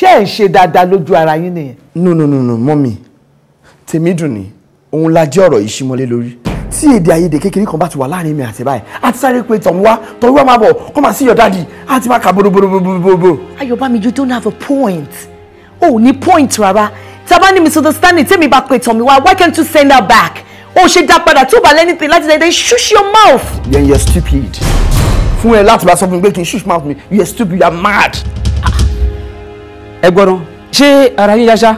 ṣé ẹ̀ ń ṣe dáadáa lójú ara yín nìyẹn. no no no no mọ́mì tèmi dùn ní òun la jẹ́ ọ̀rọ̀ yìí símọ́lé lórí tí èdè àìyedè kékeré kan bá ti wà láàrin mi àti báyìí àti sáré pé tọ̀hún wá tọ̀hún wá máa bọ̀ kọ́ máa sí your daddy àti máa kà bòròbòròbòròbò. Ayọ̀bámi you don't have a point o oh, ni point rárá tí a bá ní misunderstanding tèmi bá pè tọ̀mí wá why can't you send her back o ṣe dá padà tí o bá lẹ́ni tèmi láti dẹ̀ then shush your mouth. then you're stupid fún ẹ láti bá sọ fún mi pé kí n shush mouth mi you're stupid you're mad ẹ gbọ́dọ̀ ṣé ara yín yáṣá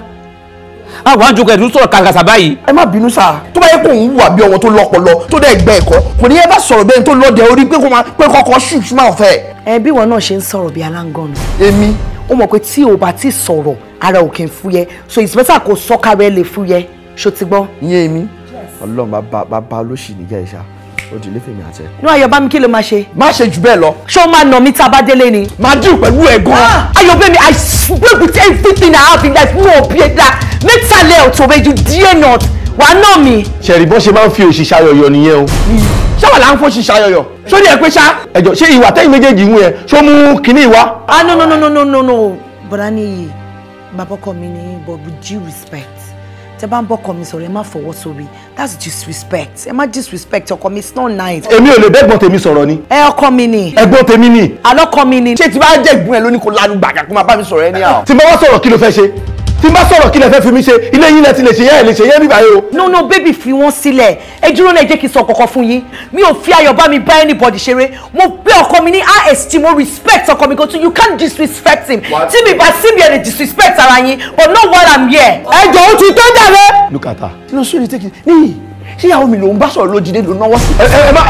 àwọn àjò kẹ̀dùn sọ̀rọ̀ kàkàsà báyìí. ẹ má bínú sá tó bá yẹ kó ń wà bí ọmọ tó lọ́pọlọ tó dẹ̀ gbẹ ẹ̀kọ́ kò ní yẹ bá sọ̀rọ̀ bẹ́ẹ̀ tó lọ́dẹ orí pé kọ́kọ́ ṣùṣù máa fẹ́. ẹ bí wọn náà ṣe ń sọ̀rọ̀ bíi aláǹgọ̀nù. èmi ó mọ̀ pé tí o bá ti sọ̀rọ̀ ara ò kì í fúyẹ́ so it's better kó sọ́kàrẹ́ lè fúyẹ́ ṣó ti gbọ́. ìyẹn èmi ọlọ́run bàbá olóṣì níjà ìṣá o dìlé fèmí àtẹ. ní ayọ̀ bá mi kí ló máa ṣe. má ṣe jù bẹ́ẹ̀ lọ. ṣé o máa nà mí tá a bá délé ni. máa dìrù pẹ̀lú ẹ̀ gan. Ah! ayọ̀ bẹ́ẹ̀ mi i swear with everything i have in life mo bí ẹ dá mẹ́ta lẹ́ ọ̀tọ̀ bẹ́ẹ̀ ju díẹ̀ náà wà á nà mí. ṣẹ̀rì bọ́n ṣe máa ń fi òṣìṣẹ́ ayọ̀yọ̀ nìyẹn o. ṣáwà là ń fọ́ ṣìṣẹ́ ayọ̀yọ̀ ṣó ní ẹ pé ṣá. ẹjọ ṣé ìwà tẹ́yìn méjèèjì ń yẹn ṣó mú kinní ìwá. ah no no no no no no no bọ̀dá níyì bàbá mi ní but with due respect tẹ bá ń bọ́ ọkọ mi sọ̀rọ̀ ẹ má fọwọ́ sórí that's disrespect ẹ má disrespect ọkọ mi it's not nice. èmi ò lè bẹ́gbọ́n tèmi sọ̀rọ̀ ni. ẹ ọkọ mi ni. ẹ̀gbọ́n tèmi ni. àlọ́kọ mi ni. ṣé tí bá jẹ́ ìgbín ẹ lóní kò lanu gbàgà kó máa bá mi sọ̀rọ̀ ẹ ní à. tí bá wá sọ̀rọ̀ kí ló fẹ́ ṣe tí n bá kí lẹ fẹ́ fi mi ṣe ilé yín lẹ ti lè ṣe yẹ́ lè ṣe yẹ́ bíbá no no baby fi wọn sílẹ̀ ẹ dúró náà jẹ́ kí n sọ kọ̀kọ̀ fún yín mi ò fi ayọ̀ bá mi bá anybody ṣeré mo gbé ọkọ mi ní high esteem mo respect ọkọ mi go to you can't disrespect him tí mi bá sí mi ẹ̀ lè disrespect ara yín but not while I'm here. ẹ jọ o tó jàre. look at her. kí ló sún take it. níyì ṣé ìyàwó mi lòún bá sọ̀rọ̀ lójijì lòún náwó sí.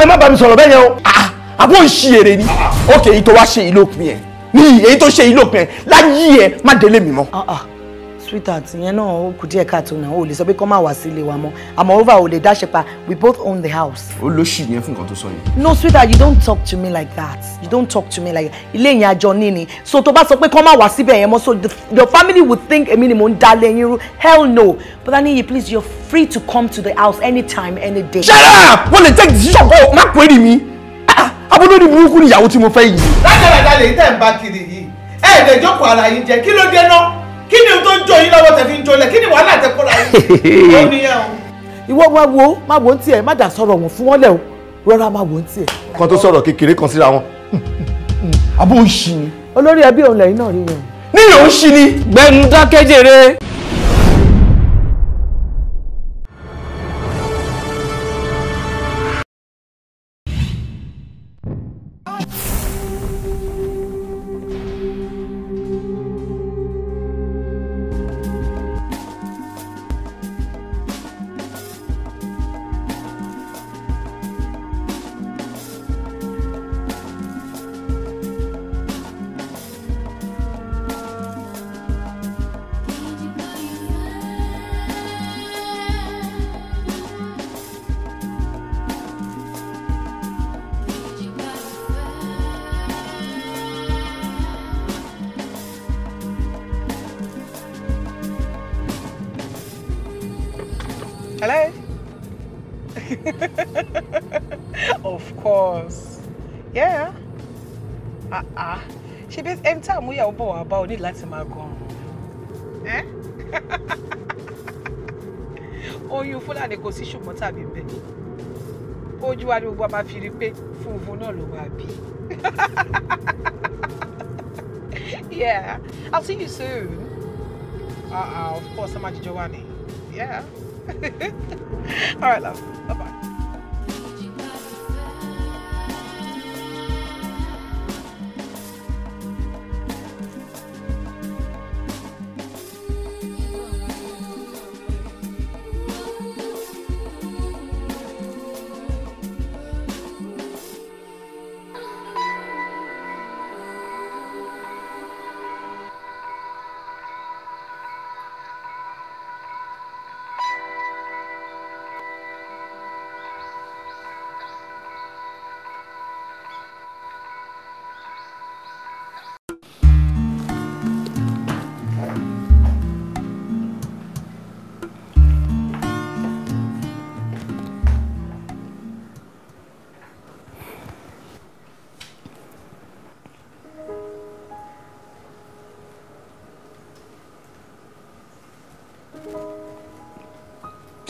ẹ má bá mi sọ̀rọ̀ bẹ́ẹ̀ yẹn o ah, ah, àbọ̀ ń ṣí èrè ni ah, ok èyí tó wá ṣe ìlópin ẹ̀ níyì èyí tó ṣe ìlópin ẹ̀ láyé ẹ̀ má délé sweetheart yẹn náà ó kù díẹ̀ káàtó náà ó lè sọ pé kọ́ máa wá sí ilé wa mọ́ àmọ́ over ò lè dáṣẹ pa we both own the house. ó ló ṣì yẹn fún nǹkan tó sọ yìí. no sweetheart you don't talk to me like that you don't talk to me like that ilé yẹn àjọ ní ni so tó bá sọ pé kọ́ máa wá síbẹ̀ yẹn mọ́ so your family would think èmi ni mò ń dalẹ̀ yín rú hell no but you, please you're free to come to the house anytime any day. shut up wọ́n lè take decision kó má pè é mi ah, ah, abúlórí burúkú ni ìyàwó tí mo fẹ́ yìí. lájọ̀rọ̀ ìdálẹ̀ yìí tẹ̀ ń bá kiri yìí ẹ̀ẹ́dẹ̀ẹ́dẹ́jọ́kọ̀ ara yín jẹ́ kí ló dé náà kí ni tó ń jó yín lọ́wọ́ tẹ̀ fi ń jolẹ̀ kí ni wàhálà tẹ kọ́ra yín ó níyà o. ìwọ máa wo máa wo ń tiẹ̀ má dà sọ̀rọ̀ wọn fún wọn lẹ̀ o rọra máa wo ń tiẹ̀. kan tó sọ̀rọ̀ kékeré kan síra wọn. àbó ń ṣí ni. olórí ẹbí òun lẹ́yìn náà rí yẹn. níyàn ń ṣí ni. gbẹnu dákẹ́jẹ̀rẹ́. tíyàwó bọ̀ wá bá o ní láti máa gan ọ̀run oyún fúlàní kò sí ṣùgbọ́n tàbí bẹ́ẹ̀ ojú wa ni gbogbo a máa fi rí i pé funfun náà ló wà bí. yeah, I'll see you soon. Uh, uh, of course, I'm at Joanne. Yeah. All right, love.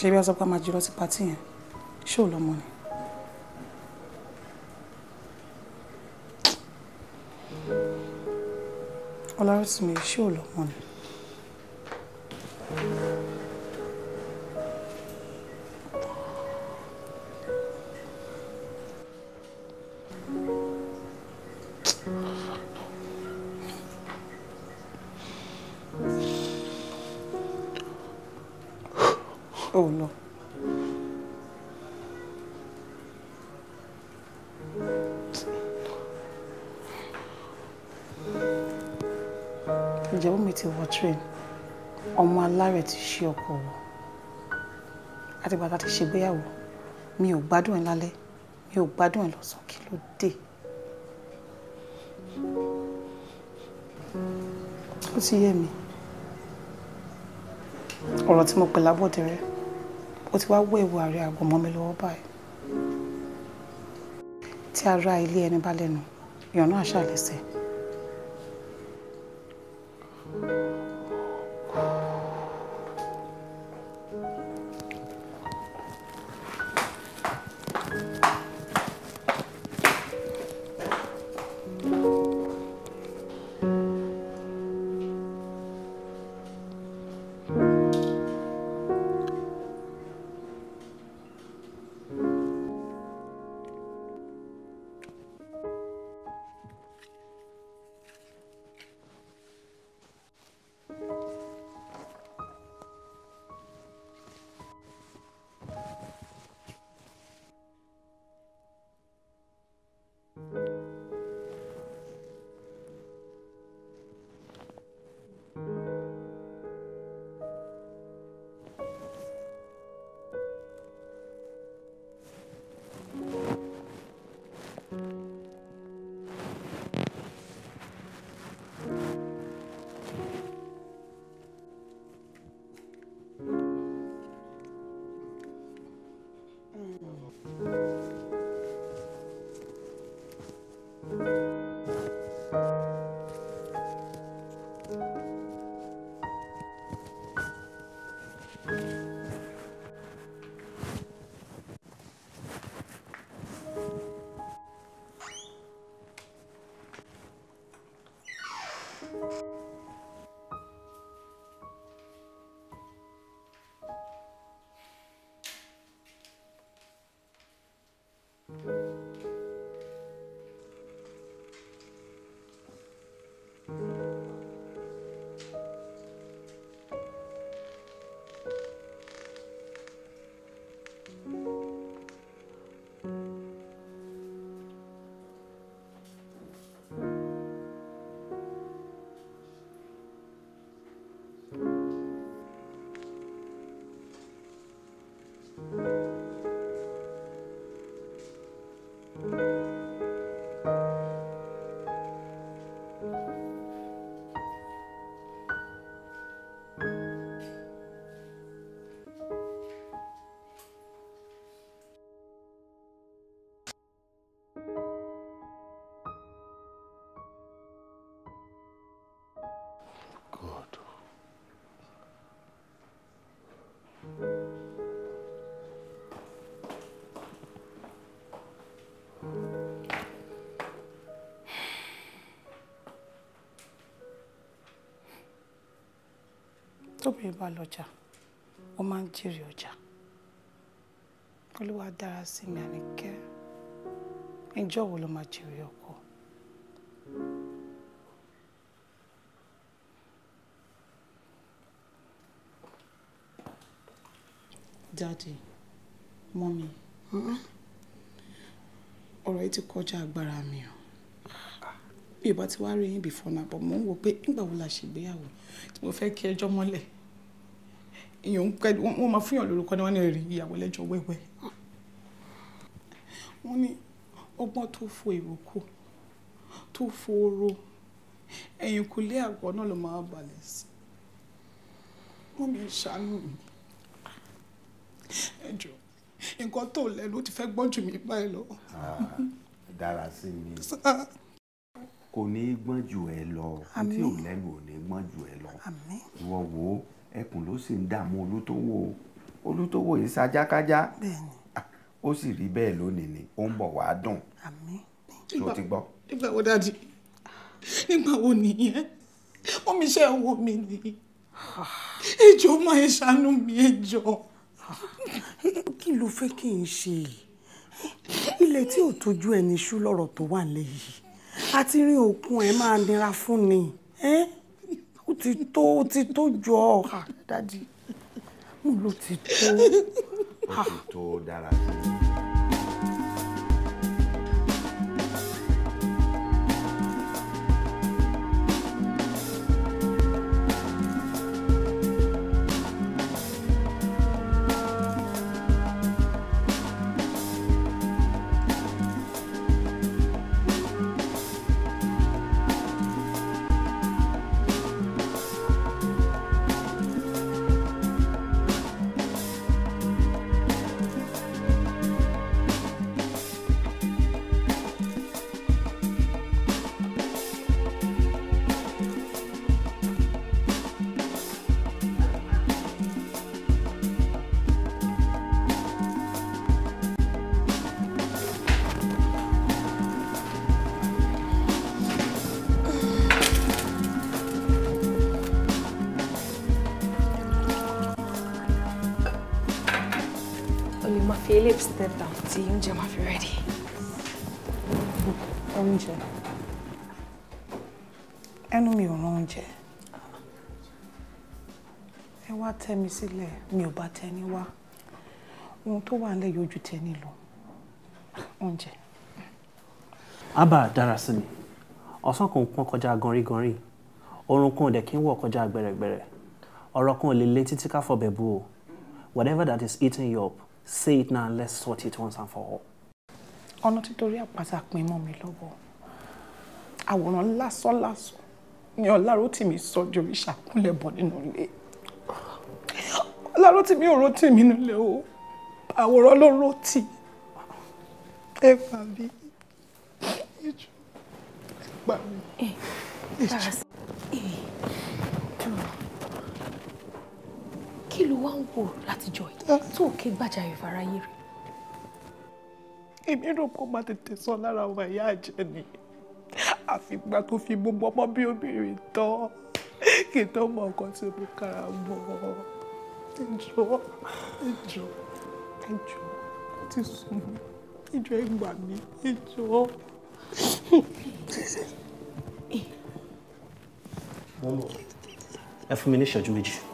ṣe bí wọ́n sọ pé a máa jùlọ sí pàtí yẹn ṣó lọ́mọ ni. ọlọ́run sì mi ṣó lọ́mọ ni. portray ọmọ alárẹ̀ ti ṣe ọkọ wọ̀ àtìgbà tá a ti ṣègbéyàwó mi ò gbádùn ẹ̀ lálẹ́ mi ò gbádùn ẹ̀ lọ́sàn-án kí ló dé. ó ti yé mi ọ̀rọ̀ tí mo pè lábọ̀dé rẹ ó ti wá wọ ìwà ààrẹ àgọ́ mọ́ mi lọ́wọ́ báyìí tí ara ilé ẹni bá lẹ́nu yànnà àṣà lẹ́sẹ̀. tóbìnrin bá lọ́jà ó máa ń jèrè ọjà olúwa dára sí mi àníkẹ́ ìjọ́ wo ló máa jèrè ọkọ. Daddy, mommy. Hmm? ọ̀rọ̀ yìí ti kọjá agbára mi o mi ò bá ti wá rí yín before náà bọ̀ mò ń wò pé nígbà wo la ṣègbéyàwó tí mo fẹ́ kí ẹjọ́ mọ́lẹ̀ èèyàn ń pẹ́ wọ́n máa fún yàn lórúkọ ni wọ́n ní rí ìyàwó lẹ́jọ́ wẹ́wẹ́ wọ́n ní ọgbọ́n tó fo ìrókò tó fo oró ẹ̀yìn kò lé àgbọ̀ náà ló máa balẹ̀ sí wọ́n mi ṣàánú mi ẹjọ́ nǹkan tó lẹ́nu ti fẹ́ gbọ́n jù mí báyìí lọ. Ah, dára sí mi kò ní í gbọ́n jù ẹ lọ tí ò lẹ́nu ò ní í gbọ́n jù ẹ lọ ìwọ wo ẹkùn ló sì ń dààmú olútówó olútówó yìí ṣajákájá ó sì rí bẹ́ẹ̀ lónìí ni ó ń bọ̀ wá dùn tó ti gbọ́. nígbà wo dájú nígbà wo nìyẹn wọ́n mi ṣe wo mi ni ẹjọ́ máa ń ṣàánú mi ẹjọ́. kí ló fẹ́ kí n ṣe ilẹ̀ tí ò tójú ẹni ṣú lọ́rọ̀ tó wà lẹ́yìn àti rin òkun ẹ̀ máa nira fún ni. Eh? ó ti tó ó ti tó jọ ọ dádì mo ló ti tó. ó ti tó dára jù. Philip, eléyìí step down tí oúnjẹ máa fi ready. oúnjẹ ẹnu mi ò rán oúnjẹ ẹ wá mi sílẹ̀ mi ò bá tẹ́ ní wá ohun tó wà nílẹ̀ yóò ju tẹ́ ní lọ oúnjẹ. abba dára sí mi ọ̀sán kan pọ́n kọjá gọ̀rìngọ̀rìn oorun kan ò dẹ̀ kí ń wọ̀ kọjá gbẹ̀rẹ̀gbẹ̀rẹ̀ ọ̀rọ̀ kan ò lè lé o whatever that is eating you up Say it now and let's sort it once and for all. Ọ̀nà títorí àpáta pin mọ́ mi lọ́wọ́. Àwòrán lásán lásán ni Ọlárótìmí sọ jorí ṣàkúnlẹ̀ bọ̀ nínú ilé. Ọlárótìmí ò rótìmí nílé o. Àwòrán ló rótì. Ẹ gbà mí. Ẹ gbà mí. Ẹ gbà mí. kí ló wá ń wò látijọ́ yìí ah. tó ké gbàjà ìfaráyé rẹ̀. èmi rò pé máa tètè sọ lára ọmọ ìyá àjẹ́ ni àfìgbà tó fi gbogbo ọmọ bí obìnrin tán kí n tó mọ nǹkan tí mo kára mọ́ ẹjọ́ ẹjọ́ ẹjọ́ ti sùn mí ẹjọ́ ìgbà mi ẹjọ́. ẹ fún mi ní ìṣẹ́jú méjì.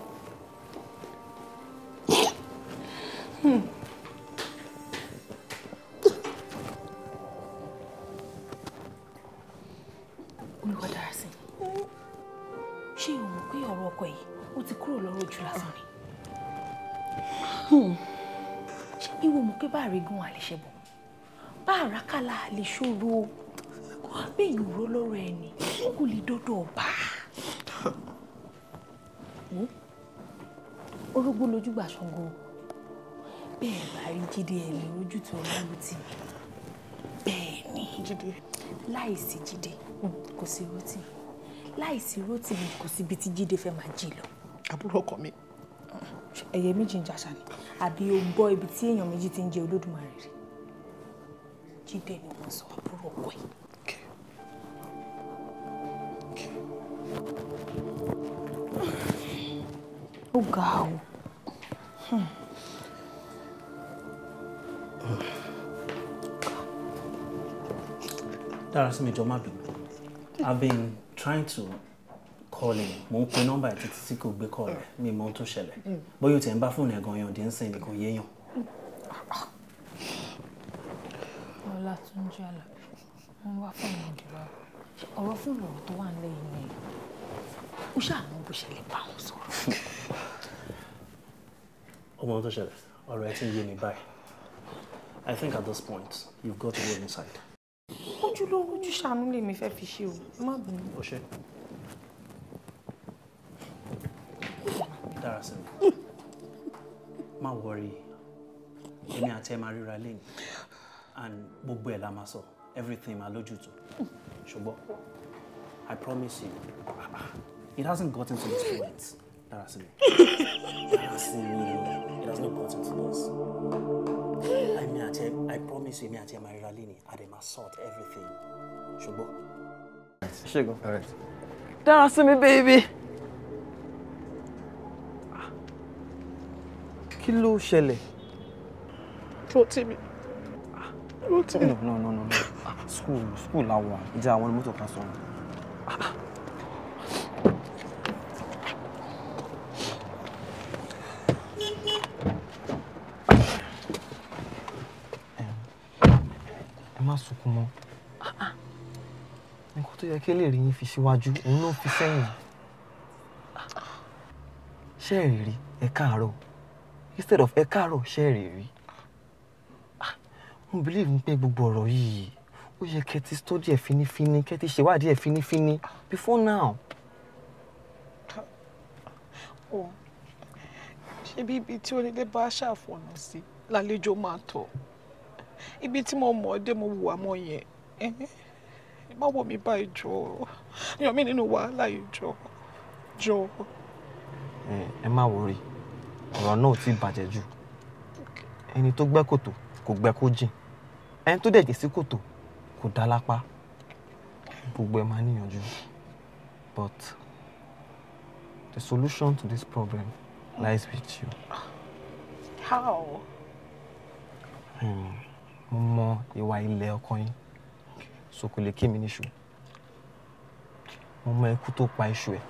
Olúwadárasin ṣé o mọ̀ pé ọ̀rọ̀ ọkọ yìí ó ti kúrò lọ́rọ̀ ojú lásán ni ṣé ìwọ mọ̀ pé bá àrígún àlèṣẹ́bọ̀ bá àrákàlà lè ṣòro bẹ́ẹ̀ òró lọ́rọ̀ ẹni kò lè dọ́dọ̀ ọba orógbó lójúgbà ṣango o bẹ́ẹ̀ bá rí jíde ẹ̀ ní ojútùú ọlọ́run tì bẹ́ẹ̀ ni jíde láìsí jíde kò sí rótì láìsí rótì mi kò síbi tí jíde fẹ́ máa jí lọ. àbúrò ọkọ mi. ẹyẹ méjì ń jàṣà ni. àbí o gbọ́ ibi tí èèyàn méjì ti ń jẹ olódùmarè rí jíde ni wọ́n sọ àbúrò ọkọ ẹ̀. ó ga o. Hmm. Darasimi jọ̀ọ́ má bínú. I've been trying to call him. Mo ń pe nọ́mbà ẹ̀ títí tí kò gbé call rẹ̀. Mi mọ ohun tó ṣẹlẹ̀. Bóyá o tiẹ̀ ń bá fóònù ẹ̀ gan-an yàn dé ń sìn nìkan yéèyàn. Ọlátúnjí Àlàbí, wọ́n wá fóònù ẹ̀ dìbò. Ọ̀rọ̀ fóònù ọ̀rọ̀ tó wà nílẹ̀ yìí ni ó ṣàmú bó ṣe lè bá wọn sọ̀rọ̀. Ọmọ ohun tó ṣẹlẹ̀, ọ̀rọ̀ ẹ ti ń yé mi báyìí. I think at this point, you've got to go inside. Ojú ló ojú ṣàánú lè mi fẹ́ fi ṣe o, má bínú. O ṣe. Dára sí mi. Má wọrí, èmi àti and gbogbo ẹ̀ Everything I sọ, you to. Shobo, I promise you, it hasn't gotten to this point me, Darasimi. me. it has no consequences. I mean, I, tell, I promise you, me, I my Ralini, I dem sort everything. Ṣùgbọ́. Ṣẹ́gun. All right. me, baby. Kí ló ṣẹlẹ̀? Rotimi. Rotimi. No, no, no, no. Ah, school, school la wà. Ìjà àwọn mọ́tò kan sọ̀rọ̀. Ah, ah. sunkún mọ́ ah, ah. nǹkan tó yẹ kí eléyìí yín fi síwájú òun ló fi sẹ́yìn ṣé ẹ rí rí ẹ káàárọ̀ instead of ẹ káàárọ̀ ṣé ẹ rí rí mo believe pé gbogbo ọ̀rọ̀ yìí ó yẹ kẹ́ ti study ẹ̀ finifini kẹ́ ti ṣèwádìí ẹ̀ finifini before now. ṣebí ibi tí onílé bá ṣàfọ̀nà sí lálejò máa tọ̀ ibi tí mo mọ̀ ọ́ mo wù àmọ́ yẹn má wò mí bá ìjọ yàn mí nínú wàhálà ìjọ jọ. ẹ má wọrí ọ̀rọ̀ náà ò tí ì bàjẹ́ jù ẹni tó gbẹ́ kòtò kò gbẹ́ kó jìn ẹni tó dẹ̀jẹ̀ sí kòtò kò dá lápá gbogbo ẹ máa níyànjú but the solution to this problem lies with you. How? Hmm mo mọ ìwà ilẹ̀ ọkọ yín sòkòlè kí mi níṣu mo mọ ikú tó pa iṣu ẹ̀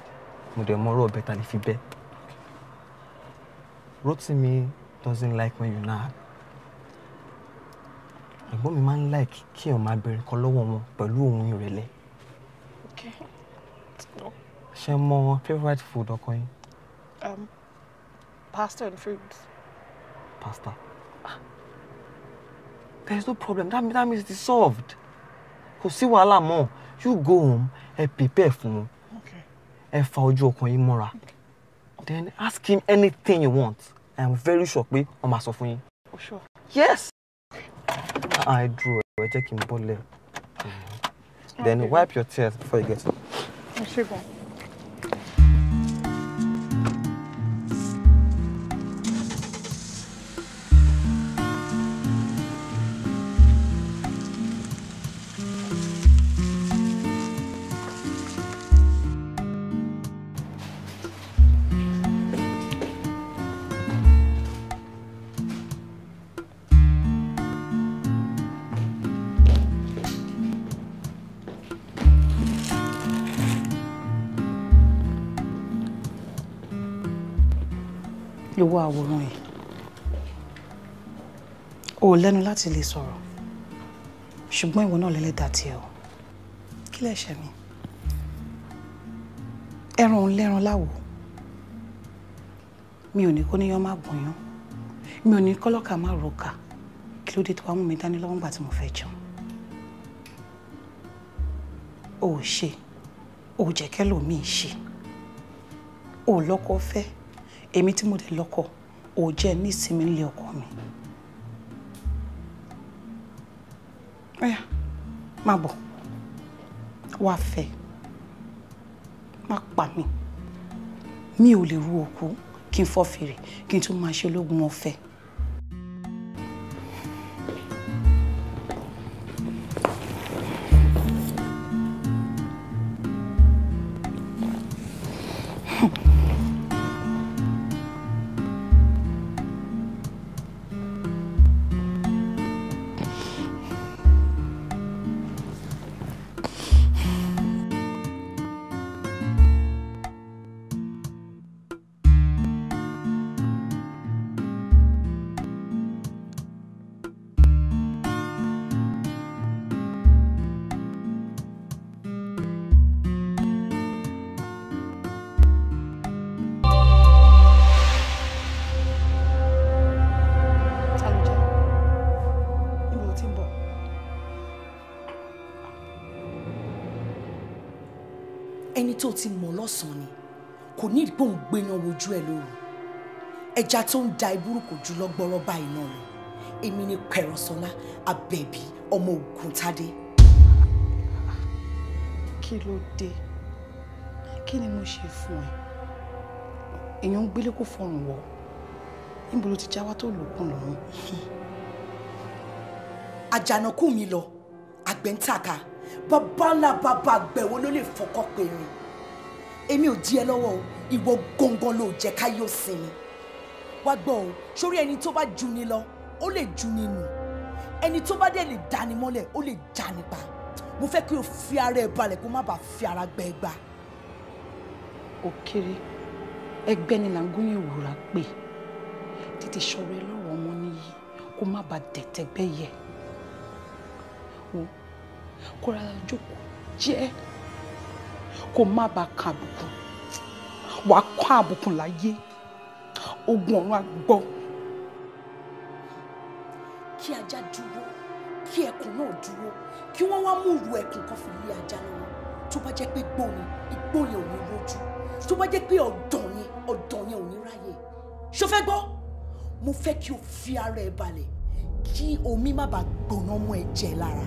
mo dẹ̀ mọ ọ̀rọ̀ ọ̀bẹ ta lè fi bẹ́ Rotimi doesn't like when you nag ẹ̀gbọ́n mi máa ń like kí èèyàn máa bẹ̀rẹ̀ kan lọ́wọ́ wọn pẹ̀lú ohun ìrẹ̀lẹ̀ ṣe mọ favourite food ọkọ yín. Um, pasta and fruits. pasta there is no problem that, that means it is solved see what wàhálà mọ́ you go home and prepare for me. ẹ fa ojú ọkàn yín mọ́ra then ask him anything you want i very sure pé ó máa Oh sure. yes. i drew ẹ jẹ́ kí n bọ́lẹ̀ then wipe your tears before you get up. owó àwòrán yìí o ò lẹ́nu láti lè sọ̀rọ̀ ṣùgbọ́n ìwọ náà lẹ́lẹ́dàá tiẹ̀ o kí lẹ̀ṣẹ̀ mi ẹran lẹ́ran láwo mi ò ní kó níyàn má bùnyàn mi ò ní kọ́lọ́kà má rọ̀kà kí ló dé tó wá mú mi dání lọ́wọ́ nígbà tí mo fẹ́ jẹun o ò ṣe o ò jẹ́ kẹ́lòmíì ṣe o ò lọ́kọ fẹ́ èmi tí mo dẹ̀ lọ́kọ ò jẹ́ ní ìsinmi nílé ọkọ mi. ọ̀yà má bọ̀ wá fẹ́ má pa mi mi ò lè ru òkú kí n fọ́ fèrè kí n tún máa ṣe ológun ọ̀fẹ́. lọ́sàn-án ni kò ní ìdí pé òun gbéyan wojú ẹ lóru ẹja tó ń da ìbúrú kò jù lọ́gbọ́rọ́ báyìí náà lọ èmi ni pẹ̀rọ̀sọ́lá abẹ́bí ọmọ ogun tádé. kí ló dé kí ni mo ṣe fún ẹ èèyàn ń gbélé kó fọrùn wọ níbo ló ti jáwá tó lòókùn lòún. àjànàkú mi lọ àgbẹ̀ ń àgbẹ̀wò ló lè fọkọ́ pé mi èmi ò jí ẹ lọ́wọ́ o ìwọ gangan ló jẹ́ ká yóò sinmi wá gbọ́ o sórí ẹni tó bá jù ni lọ ó lè jù ni nù ẹni tó bá dẹ̀ lè dání mọ́lẹ̀ ó lè já nípa mo fẹ́ kí o fi ara ẹ balẹ̀ kó má bàa fi ara gbẹ ẹ gbà. òkèrè ẹgbẹ́ ni làǹgóyè wúrà pé tètè sọ̀rọ̀ ẹ lọ́rọ̀ ọmọ nìyí kó má bàa dẹ̀tẹ̀gbẹ́ yẹ wo kóra jókòó jẹ́ kó má ba kan àbùkù wàá kọ́ àbùkù láyé ogun ọ̀run àgbọ̀. kí ajá dúró kí ẹkùn náà dúró kí wọ́n wá mú ìrù ẹkùn kan fi lé ajá lọ́wọ́ tó bá jẹ́ pé gbóni igbó yẹn ò ní rojú tó bá jẹ́ pé ọ̀dàn yẹn ọ̀dàn yẹn ò ní ráyè ṣó fẹ́ gbọ́ mo fẹ́ kí o fi ara ẹ balẹ̀ kí omi má bàa gbóná mọ́ ẹ jẹ lára.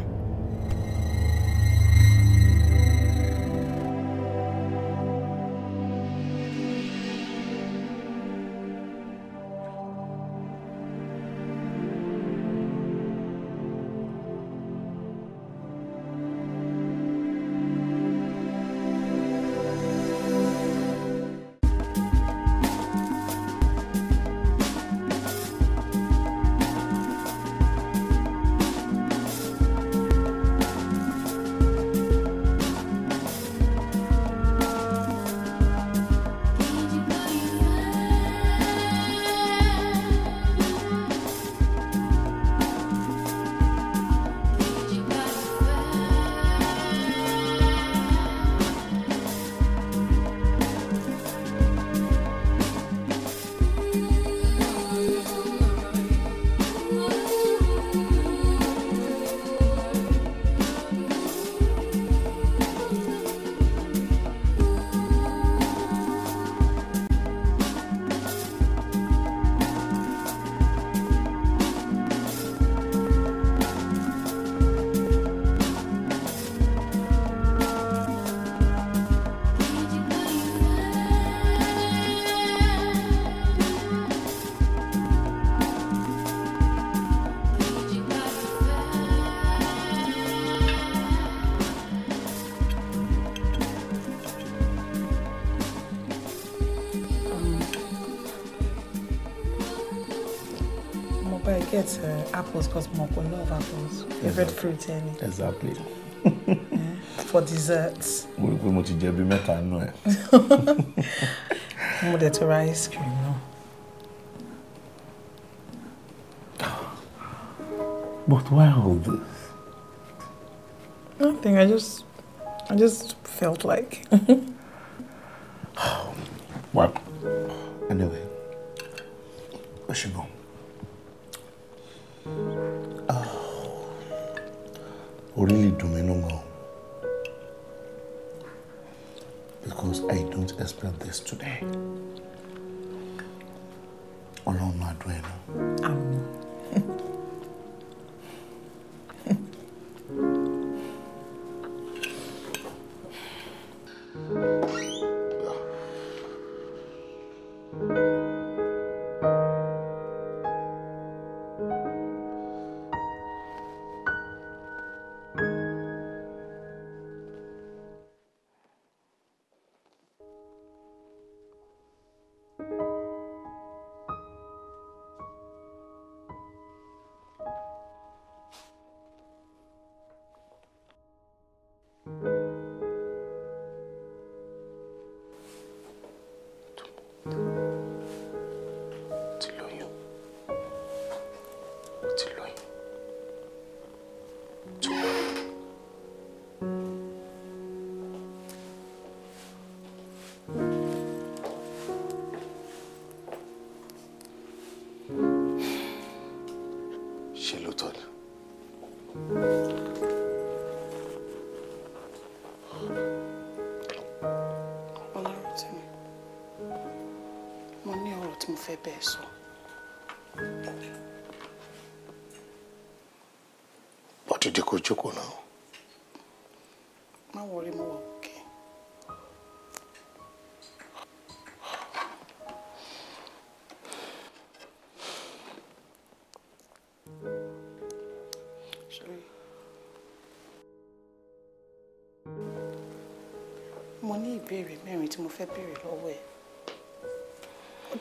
apples because Moko love apples. Favorite exactly. fruit, any. Eh? Exactly. yeah. For desserts. We ti to bí mẹ́ta nù ẹ̀. Mo dẹ̀ tó ice cream náà. But why all this? Nothing. I just, I just felt like. What? anyway, I should go. Let's build this today. sọ. wọ́n ti di kó jókòó náà. má wọrí mo wà òkè. mo ní ìbéèrè mẹ́rin tí mo fẹ́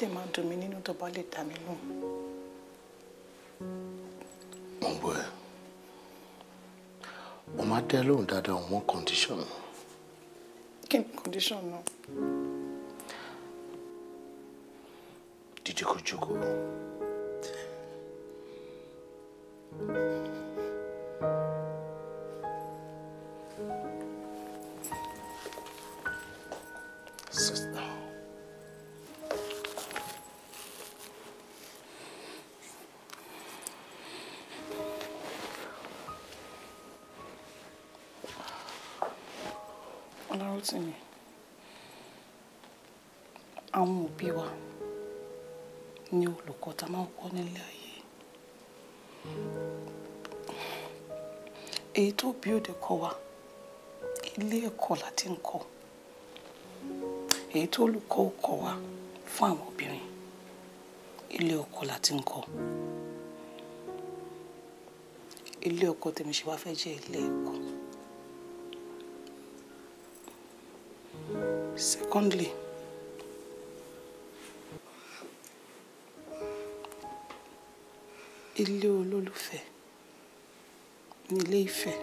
dẹ̀ máa dùn mí nínú tó bá lè dá mi lóhùn. mo gbọ́ ẹ mo máa dẹ́ lóhùn dáadáa on one condition. kí ni condition náà. dídí kò jókòó. Ọláròtìmí àwọn òbí wa ni olùkọ́ tá a máa ń kọ́ nílé ayé èyí tó bí òde kọ́ wa ilé ẹ̀kọ́ láti ń kọ́ èyí tó olùkọ́ kọ́ wa fún àwọn obìnrin ilé ọkọ láti ń kọ́ ilé ọkọ tèmi ṣe wá fẹ́ jẹ́ ilé ẹ̀kọ́. secondly ilé olólùfẹ́ ní ilé ìfẹ́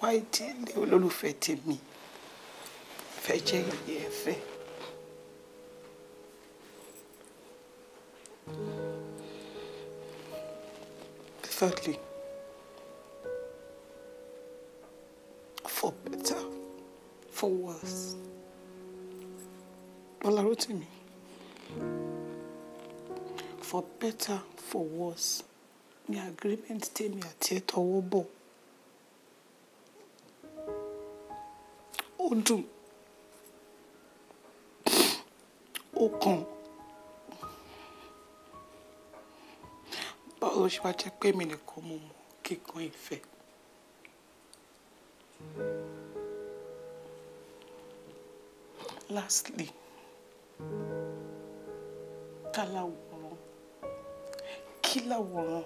wáyé tí ilé olólùfẹ́ tèmi fẹ́ jẹ́ ilé ẹ̀fẹ́. Thirdly, For worse, Olarótìmí, for better, for worse, my agreement tèmi àti ẹ tọwọ́ bọ̀. Ó dùn, ó kàn. Báwo ló ṣe wá jẹ́ pé mi nìkan mo mọ̀ kíkan ìfẹ́? lastly káláwòrán kí láwòrán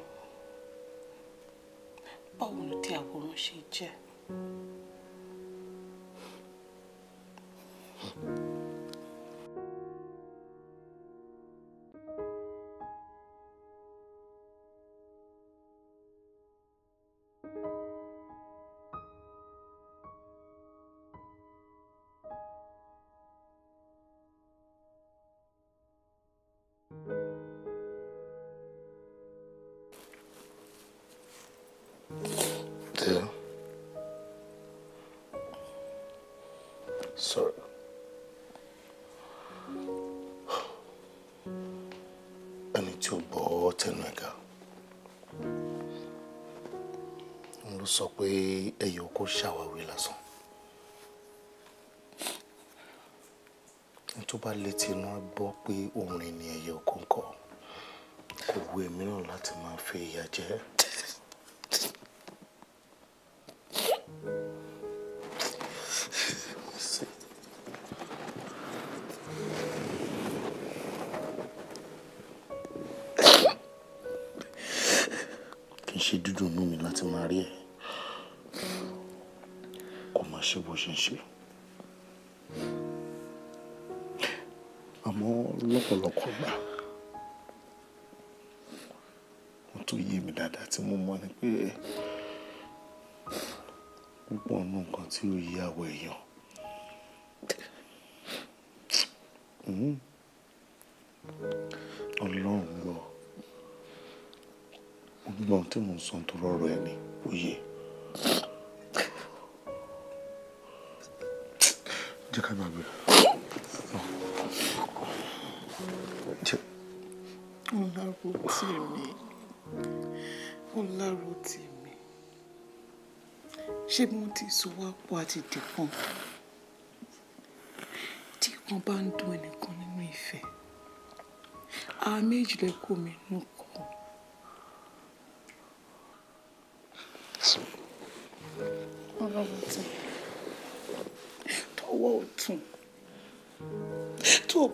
báwo ló ti àwòrán ṣe jẹ́. sọ pé ẹyọ kò ṣàwáwí lásán tó bá létí iná gbọ́ pé orin ni ẹyẹ oko ń kọ kò wu èmi náà láti máa fi ìyà jẹ. kì í ṣe dúdú inú mi láti máa rí ẹ ṣe bó ṣe ń ṣe àmọ́ lọ́pọ̀lọpọ̀ gbà mo tó yé mi dáadáa tí mo mọ̀ ni pé púpọ̀ nù nǹkan tí ó yí àwọ̀ èèyàn hmm. ọlọ́run kayboldu. Ọlárò tèmi, ọlárò tèmi, ṣé mo ti so wá pọ̀ àti dìkan? Tí kan bá ń dùn ẹnìkan nínú ìfẹ́, àá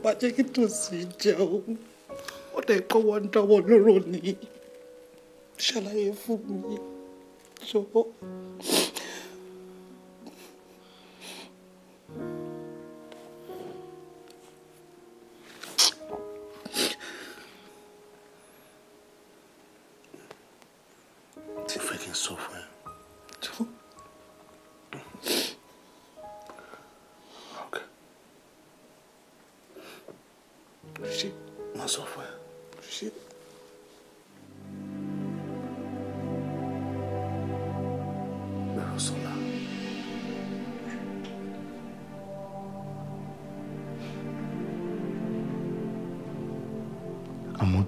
bá jẹ́ kí tòsí jẹun ó dẹ̀ kọ́ wọn dáwọ́ lóró ni ṣàlàyé fún mi jọ̀ọ́.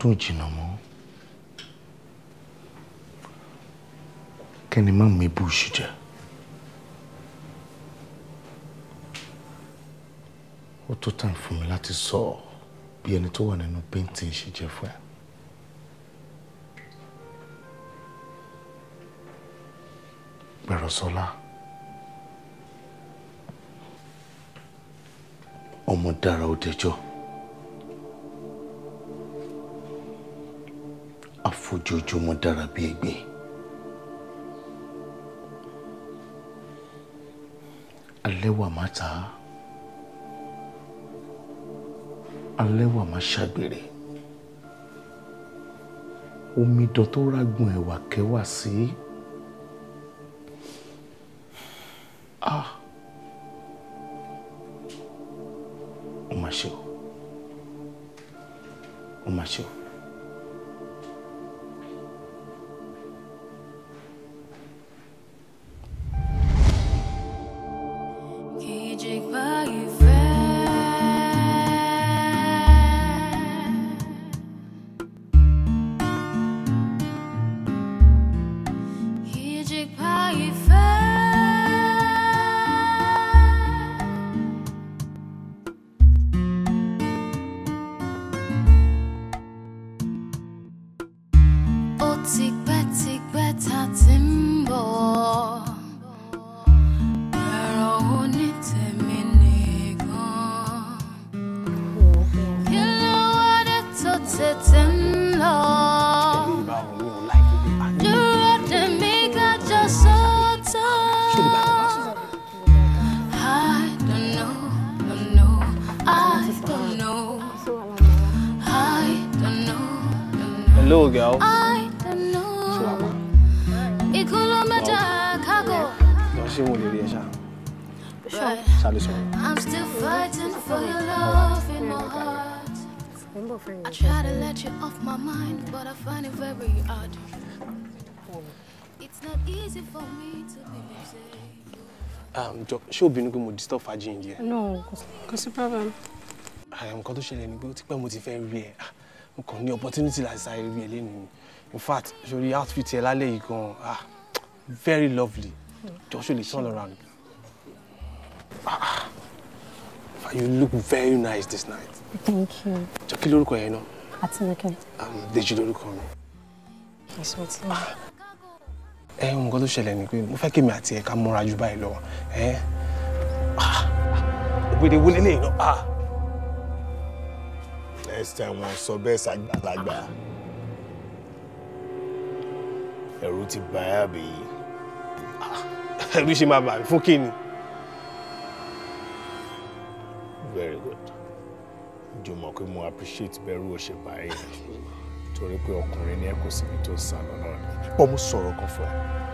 tó jìnnà mọ́ kẹ́ni má mi bú iṣu jẹ. ó tó tàn fún mi láti sọ bí ẹni tó wà nínú painting ṣe jẹ́ fún ẹ. Gbẹ̀rọ̀sọ́lá ọmọ dára ó dẹjọ́. ojoojúmọ́ dára bí ẹgbẹ́ alẹ́ wà má ta alẹ́ wà má ṣàgbèrè omidan tó rágun ẹ̀wà kẹwà sí ah ó mà ṣe ó ó mà ṣe ó. ṣé obìnrin pé mo disturb fàájì yìí ẹ. no kò sí problem. Ah, nǹkan tó ṣẹlẹ̀ ni pé ó ti pẹ́ mo ti fẹ́ rí ẹ ah, mo kàn ní opportunity láti sáré rí ẹ lẹ́nu in fact sori outfit ẹ lálẹ́ yìí gan ah very lovely joshua lè turn around ah, ah you look very nice this night. thank you. jọ kí lórúkọ yẹn náà. Àtinúkẹ́. Um, Dèjì lórúkọ mi. Èso tí mo. Ẹ nǹkan tó ṣẹlẹ̀ ni pé mo fẹ́ kí mi àti ẹ̀ka múra ju báyìí lọ. Eh, òbèrè wo lélẹ́yìn Ah, next time wọn sọ bẹ́ẹ̀ ṣàgbàlagbà ẹ̀rù ti bà á àbí. Ah. ẹ̀rù ṣe máa bà mí fún kí very good jùmọ̀ pé mo appreciate bẹ́rù ó ṣe bá yẹn torí pé ọkùnrin ni ẹ kò síbi tó sá lọ́nà rẹ̀ bọ́ mo sọ̀rọ̀ kan fún ẹ.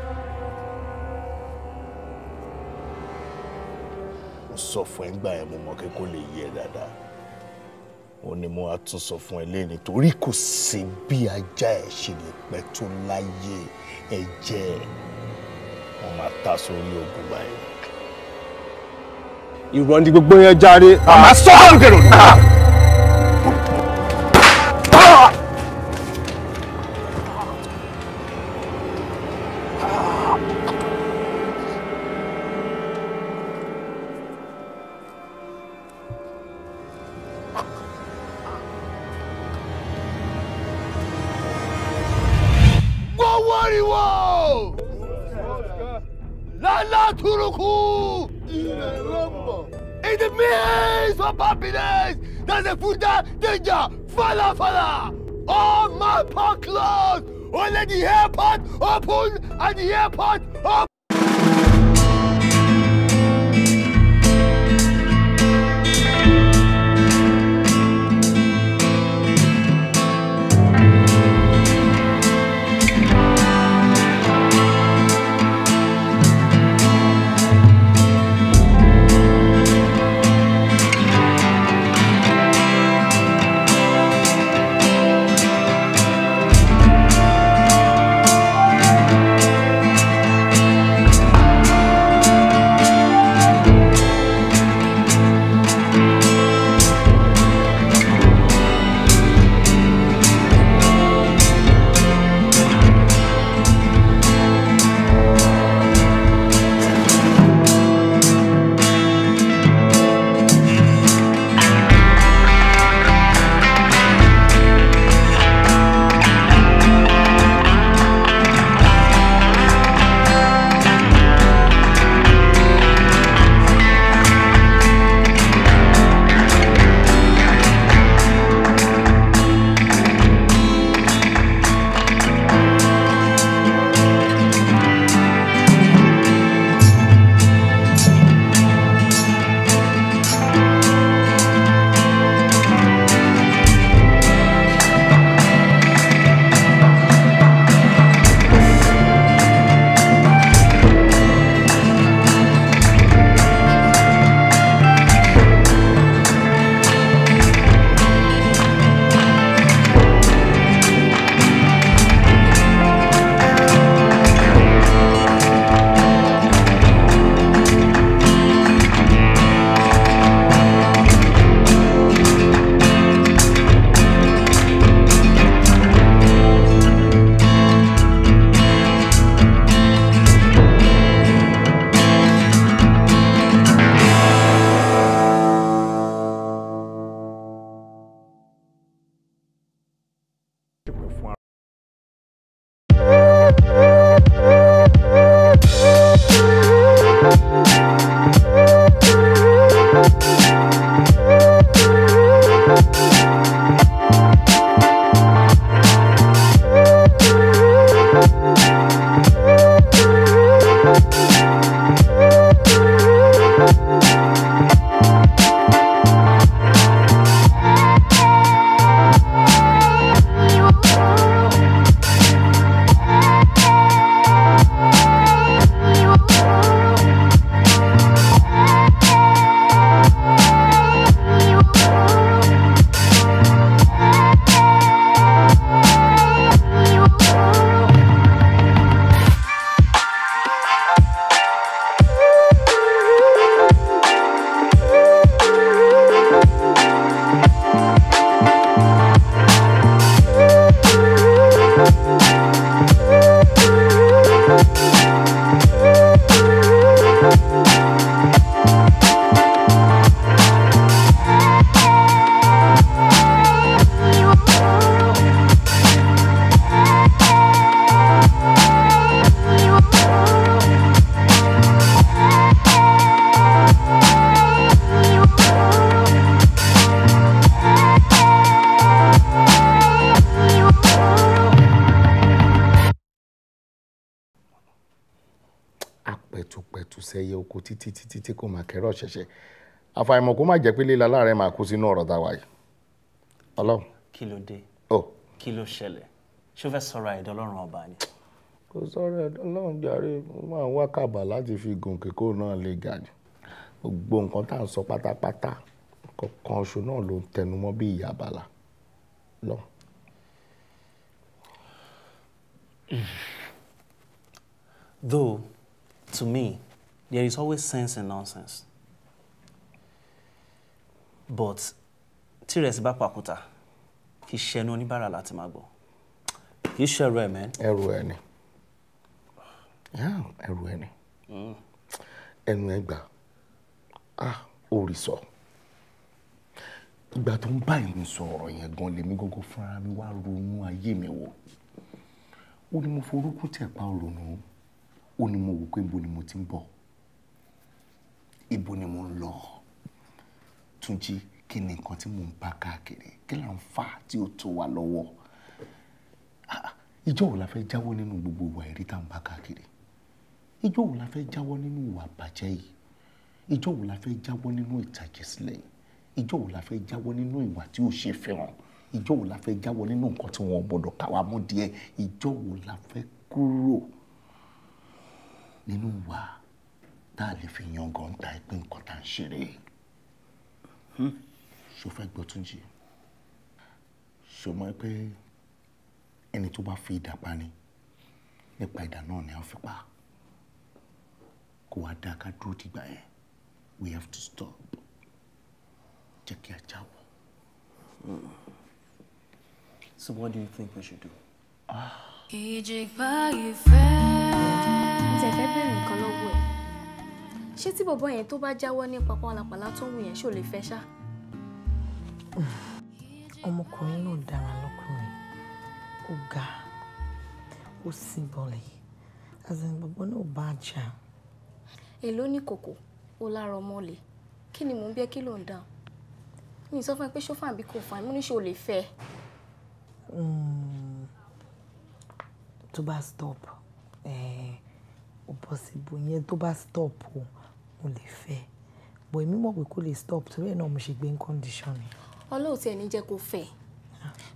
mo sọ fún ẹ ń yẹn mo mọ̀ kí kò lè yé ẹ dáadáa ó ní mo á sọ fún ẹ lẹ́ni torí kò sí bí ajá ẹ ṣe lè pẹ́ tó láyé ẹ̀jẹ̀ wọn máa ta sórí ogun báyìí. ìrọ̀ndì gbogbo yẹn jáde. àmà sọ́kàn kẹrò. abholen an die Airport. Oh. tí kò máa kẹrọ ṣẹṣẹ àfàìmọ̀ kó má jẹ́ pé líla láàrẹ máa kú sínú ọ̀rọ̀ táwa yìí ọlọ́run. kí ló dé kí ló ṣẹlẹ̀ ṣó fẹ́ sọ̀rọ̀ àìdọ́ ọlọ́run ọba ni. kò sọ̀rọ̀ ẹ̀dọ́ ọlọ́run jàre máa wá kàbà láti fi gòkè kó náà lè ga jù gbogbo nǹkan tá à ń sọ pátápátá kọ̀ọ̀kan ṣo náà ló ń tẹnumọ́ bí ìyá bala there's always sense and nonsense. But tí rẹ̀ sì bá pàkúta kì í ṣẹnu oníbàárà He share rare man. í ṣe ẹrù ẹ̀ mẹ́. ẹrù ẹ ni ẹrù ẹ ni mm. ẹnu ẹ gbà á ò rí sọ ìgbà tó ń bá ìlú mi wá ronú ayé mi wò ó ní mo forúkú tẹ̀ pa òrònú ó ní mo wò pé bo ni mo ti ń bọ̀ ibo ni mo ń lọ Túnjí kí ni nǹkan tí mo ń bá káàkiri kí là ń fà tí ó tó wa lọ́wọ́ ìjọ ah, wo la fẹ́ jáwọ́ nínú gbogbo ìwà ẹ̀rí tá à ń bá káàkiri ìjọ wo la fẹ́ jáwọ́ nínú ìwà àbàjẹ́ yìí ìjọ wo la fẹ́ jáwọ́ nínú ìtàjẹ̀sílẹ̀ yìí ìjọ wo la fẹ́ jáwọ́ nínú ìwà tí ò ṣe fẹ́ràn ìjọ wo la fẹ́ jáwọ́ nínú nǹkan tí wọ́n gbọ́dọ̀ káwa mú díẹ̀ ìjọ wo la fẹ́ kúrò nínú wàá tá a lè fi yan gan ta nǹkan tá ń ṣeré hmm? ṣó fẹ́ gbọ́ Túnjí ṣó mọ̀ pé ẹni tó bá fi idà pani nípa idà náà ni a fi pa kó wá dá ká dúró dìgbà yẹn we have to stop jẹ́ kí a jáwọ́. So what do you think we should do? ìjìgbá ìfẹ́. mo ti ẹ̀ bẹ̀rẹ̀ nǹkan lọ́wọ́ ẹ̀ ṣé tí bọ̀bọ̀ yẹn tó bá jáwọ́ nípa pálapàla tó wù yẹn ṣó lè fẹ́ ṣá. ọmọkùnrin náà dára lọkùnrin ó ga ó sì bọ̀lẹ̀ azan bọ̀bọ̀ náà bá a jà. èló ní kòkò ó lára ọmọ lè kí ni mò ń bẹ kí ló ń dà mi sọ fún ẹ pé ṣófà àbí kò fà mí ní ṣó lè fẹ́. Hmm, tó bá stop eh, ó bọ́ sí ibo yẹn tó bá stop o. Oh mo lè fẹ́ bọ̀ èmi mọ̀ pé kò lè stop torí ẹ̀ náà mo ṣe gbé in condition ni. ọlọ́run tí ẹni jẹ́ kó fẹ́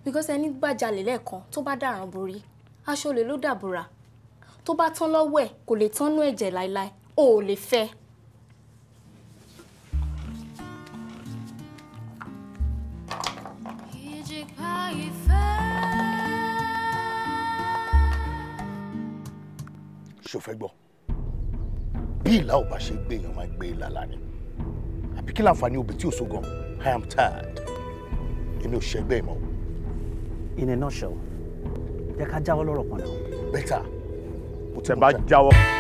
because ẹni bá jalè lẹ́ẹ̀kan tó bá dàrán borí aṣọ olè ló dàbòrà tó bá tán lọ́wọ́ ẹ̀ kò lè tán nú ẹ̀jẹ̀ láéláé o ò lè fẹ́. ìjìká ìfẹ́. gbọ́ bí ìlà ò bá ṣe gbé èèyàn máa gbé ìlà lánìí àbí kí láǹfààní obì tí ò so gan i am tired èmi ò ṣẹgbẹ́ ìmọ̀. in a nutshell jẹ́ ká jáwọ́ lọ́rọ̀ kan náà. better. tẹ bá jáwọ́.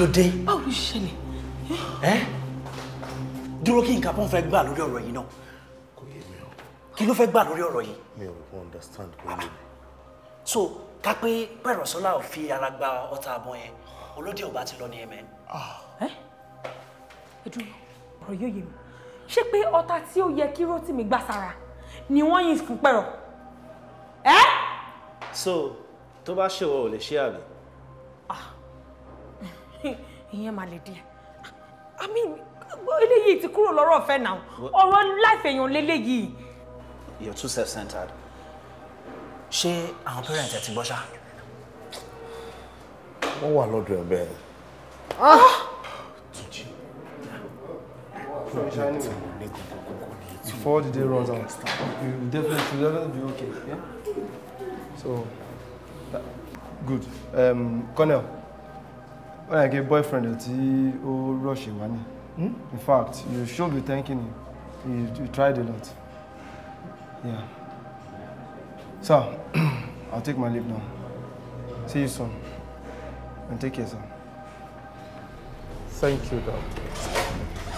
ló dé. báwo ló ṣẹlẹ̀. ẹ dúró kí nǹkan kan fẹ́ gbà lórí ọ̀rọ̀ yìí náà kí ló fẹ́ gbà lórí ọ̀rọ̀ yìí. mi ò rò understand kò yé mi. so ká pé pẹ̀rọ̀sọ́lá ò fi ara gba ọta àbọn yẹn olóde ò bá ti lọ ní ẹ̀mẹ́. Ah. ẹ ẹ dúró ọ̀rọ̀ yóò yé mi ṣé pé ọta tí ó yẹ kí Rótìmí gbà sára ni wọ́n yìn fún pẹ̀rọ̀ ẹ. so tó bá ṣèwọ ò lè ṣe àbí ìyẹn máa lè díẹ̀ ah, i mean eléyìí ti kúrò lọ́rọ̀ ọ̀fẹ́ náà ọ̀rọ̀ láìfẹ́ èèyàn léléyìí. you're too self-centered. ṣé àwọn parents ẹ ti gbọ́ ṣá. wọ́n wà lọ́dọ̀ ẹ̀ bẹ́ẹ̀. Ah! before the day runs out you mm, definitely you definitely be okay. Yeah? so good um, Cornell ó yẹ kí boyfriend ẹ̀ tí ó rush ìwá ni hmm? in fact you should be thanking him he, he tried a lot yeah so I'll take my leave now see you soon and take care sir. Thank you, doctor.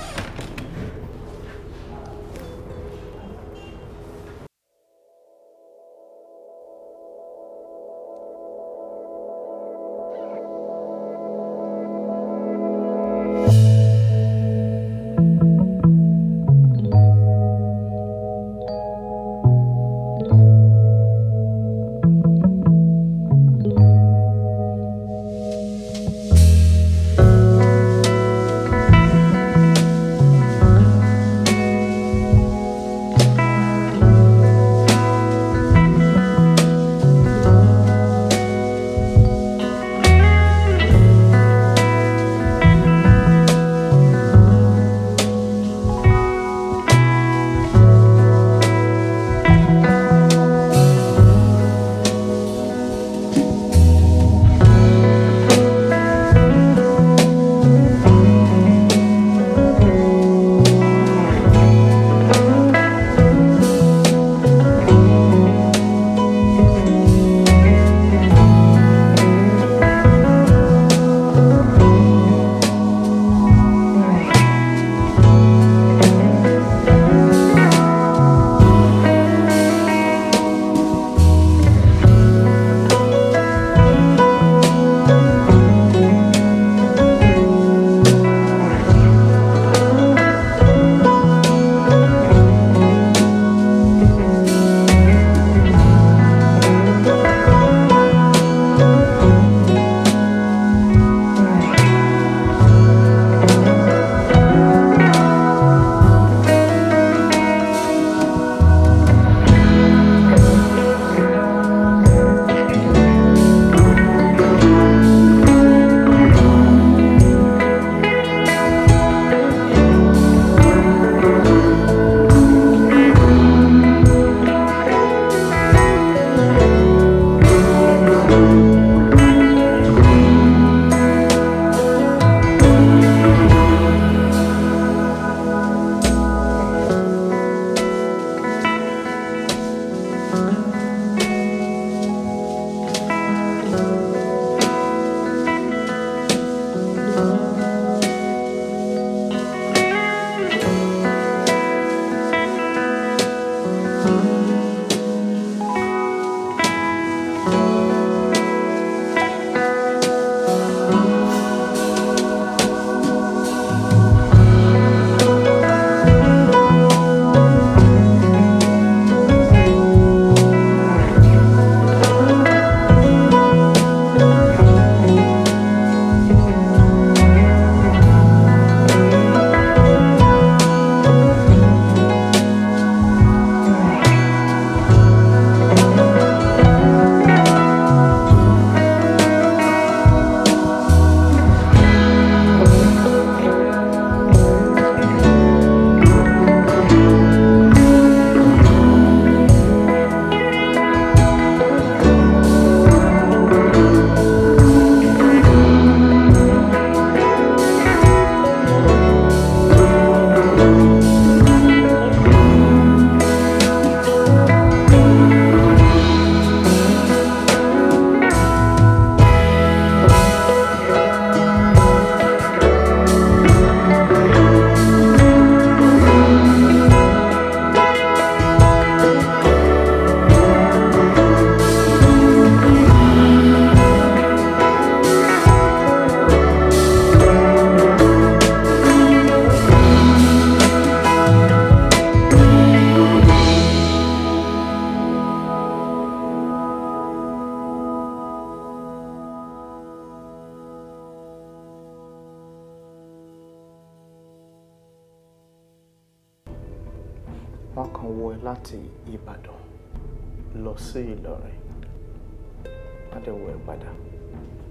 padà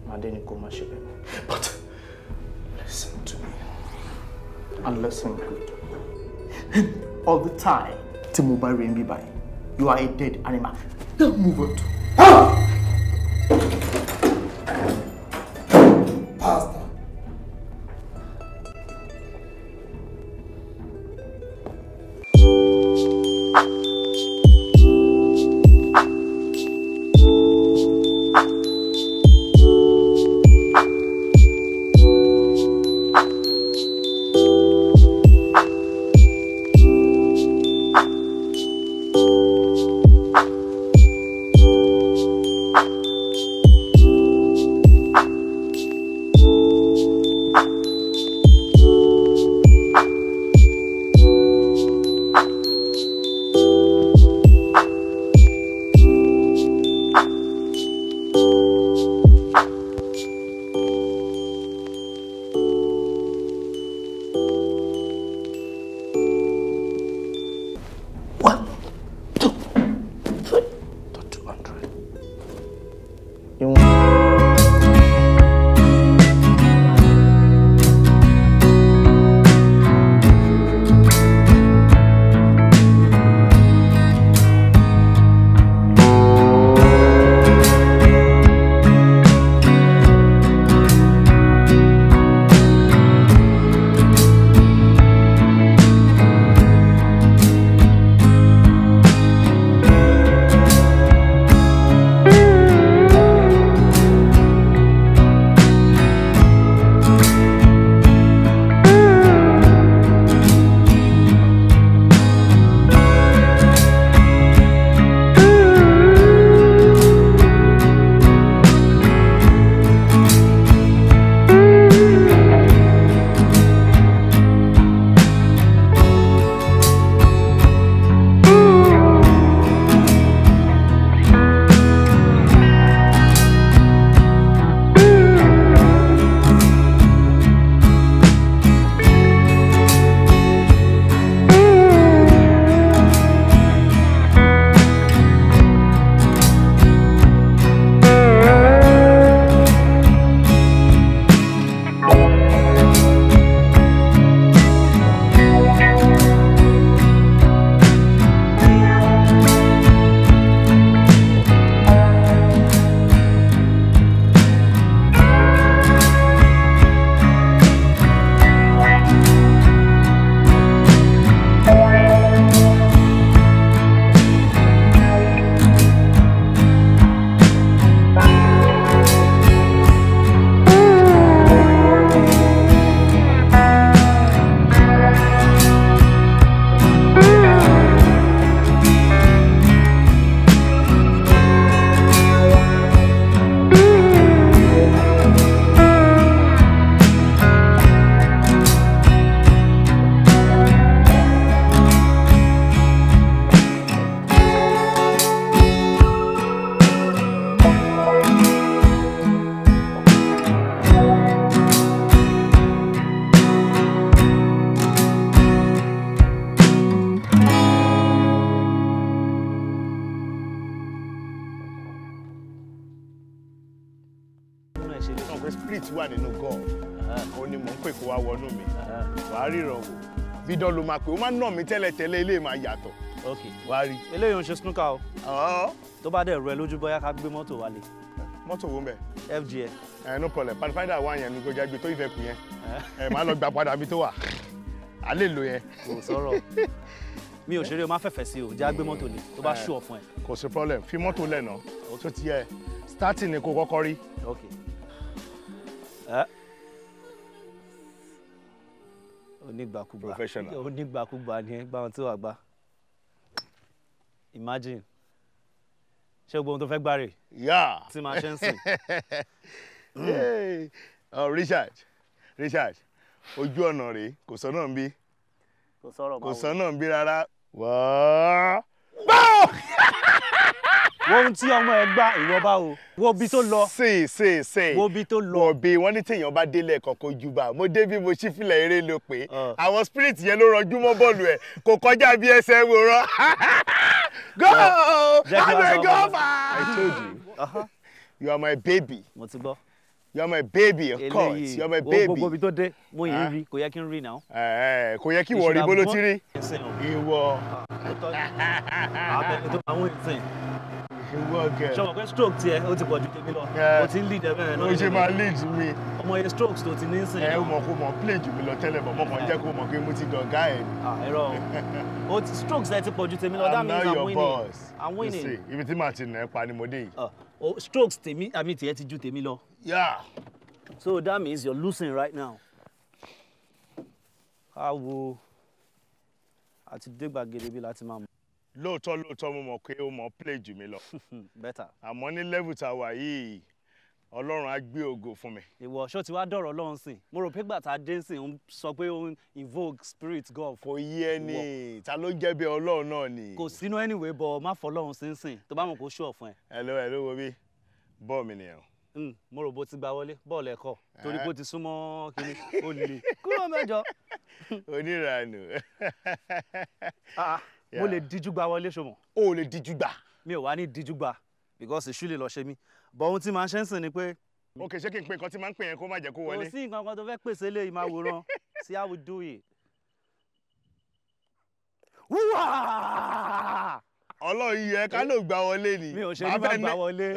màdé ni kò má ṣe bẹ́ẹ̀ but listen to me and listen good all the time tí mo bá rí ẹ bí báyìí you are a dead animal Don't move on. Ah! Pastor. pé ó máa ń nà mí tẹ́lẹ̀tẹ́lẹ̀ eléyìí máa yàtọ̀. ok wá rí. eléyìí ń ṣe snooker o. tó bá dẹ̀ rọ ẹ lójú bóyá ká gbé mọ́tò wálé. mọ́tò wo ń bẹ̀. ẹ no problem pathfinder wà yẹn nígbà jágbe tó ìfẹ́ kù yẹn ẹ máa lọ gbà padà bí tó wà á lè lo yẹn. kò sọ̀rọ̀ mi ò ṣeré o máa fẹ̀fẹ̀ sí o jágbe mọ́tò ni tó bá ṣù ọ̀fun ẹ̀. kò sí problem fi mọ́tò lẹ̀ náà tó ti yẹ starting ni kò kọ́kọ́ rí. ok. Uh onígbàkúgbà professional onígbàkúgbà ni gba ohun tí wàá gbà imagine ṣé o gbọ́ ohun tó fẹ́ gbà rè. yà tí màá ṣe ń sìn. Oh, Richard Richard ojú ọ̀nà rèé kò sọ́nà ń bí kò sọ́nà ń bí rárá wọ́ọ́ ohun tí ọmọ ẹ gbá ìwọba o wo bi tó lọ ṣe ṣe ṣe wo bi tó lọ wọ̀bi wọ́n ní téèyàn bá délẹ̀ kọ̀ọ̀kan jù bá mo dé bí mo ṣí filẹ̀ eré ló pé ah. àwọn spirit yẹn ló rọjú mọ́ bọ́ọ̀lù ẹ̀ kò kọjá bí ẹsẹ̀ wo rán go abẹ gọfà. I told you uh-huh. you are my baby. mo ti gbọ́. you are my baby of course you are my baby. gbogbo ibi tó dé mo yìí ah. rí kò yẹ kí n rí náà. Eh, eh, kò yẹ kí wọ́n rí bó ló ti rí. ìwọ. Ah, àwọn ẹni tó máa ń wọ́n ìsìn. Eh? ṣọwọ́ pé stroke tiẹ̀ ó ti pọ̀ ju tèmi lọ eh, o ti ń lead ọmọ iye strokes tó ti ní sìn. Eh, ẹ mọ̀ kó mọ̀ play jù mí lọ tẹ́lẹ̀ bọ̀ mọ̀ kàn jẹ́ kó mọ̀ pé mo ti dọ̀gá ẹ̀. ẹ̀rọ ah, o ti strokes ẹ ti pọ̀ ju tèmi lọ that means i'm winning i'm winning. ṣe ibi tí màá ti nà ẹ pa ni mo dé yìí. Ah, strokes tèmi àmì tiẹ̀ ti ju tèmi lọ. so that means you're losing right now. káwo àti dégbàgede bí láti máa mọ̀ lóòótọ́ lóòótọ́ mo mọ̀ pé ó mọ̀ play jù mí lọ. àmọ́ ní level tá a wà yìí ọlọ́run á gbé ògo fún mi. ìwọ ṣó ti wá dọ̀rọ̀ lọ́hùn sìn mo rò pé gbàtà dẹ́sìn ń sọ pé ó ń invoke spirit god. kò yí ẹni ta ló jẹ́bi ọlọ́run náà ni. kò sínú anyway bọ̀ má fọ lọ́hùn sínsìn tó bá mọ̀ kó ṣú ọ̀fun ẹ̀. hello hello wo bí bọ́ọ̀ mi nìyẹn. Hmm, mo rò bó ti gba wọlé bọ́ọ̀lù ẹ̀kọ́ eh? torí pé ó ti súnmọ́ kínní ó lè kúrò mẹ́jọ. oníranù. Ah, mo lè díjú gba wọlé ṣomọ. o ò lè mi ò wá ní díjú because èṣù lè lọ ṣe mí but ohun tí màá ṣe ń sìn ni pé. ok ṣé kí n pe nǹkan tí màá ń pè yẹn kó má jẹ́ kó wọlé. kò sí nǹkan kan tó fẹ́ pèsè eléyìí máa wòran see how we do it. wúwàá ọlọ́run yẹ ká ló gbà wọlé ni. mi ò ṣe ní má gbà wọlé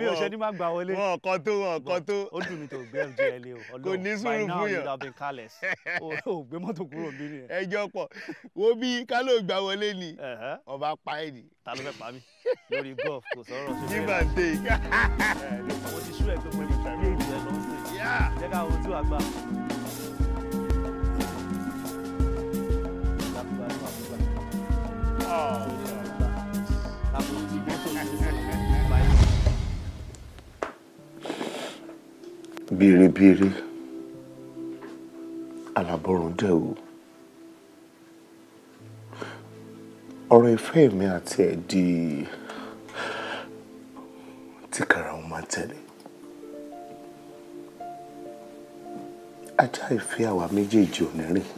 mi ò ṣe ní má gbà wọlé. wọn kọ tó wọn kọ tó. ó dùn mí tó gbé ẹjọ́ ẹ lé o kò ní sùúrù fún yàn by now you have been careless o gbé mọ́tò kúrò bí ni. ẹjọ́ pọ̀ wo bí ká ló gbà wọlé ni ọba pa ẹ̀ ni. ta ló fẹ́ pa mí lórí golf kò sọ̀rọ̀ ṣe fẹ́. give and take. mo ti sú ẹ pé mo ti ṣe bí jẹ́ Oh. Bèrèbèrè, àlàbọ̀rùn dẹ̀ o. Ọ̀rọ̀ ìfẹ́ mi àti ẹ̀ di tìkàrà wọn máa tẹ̀lé. Ajá ìfẹ́ àwa méjèèjì ò ní rìn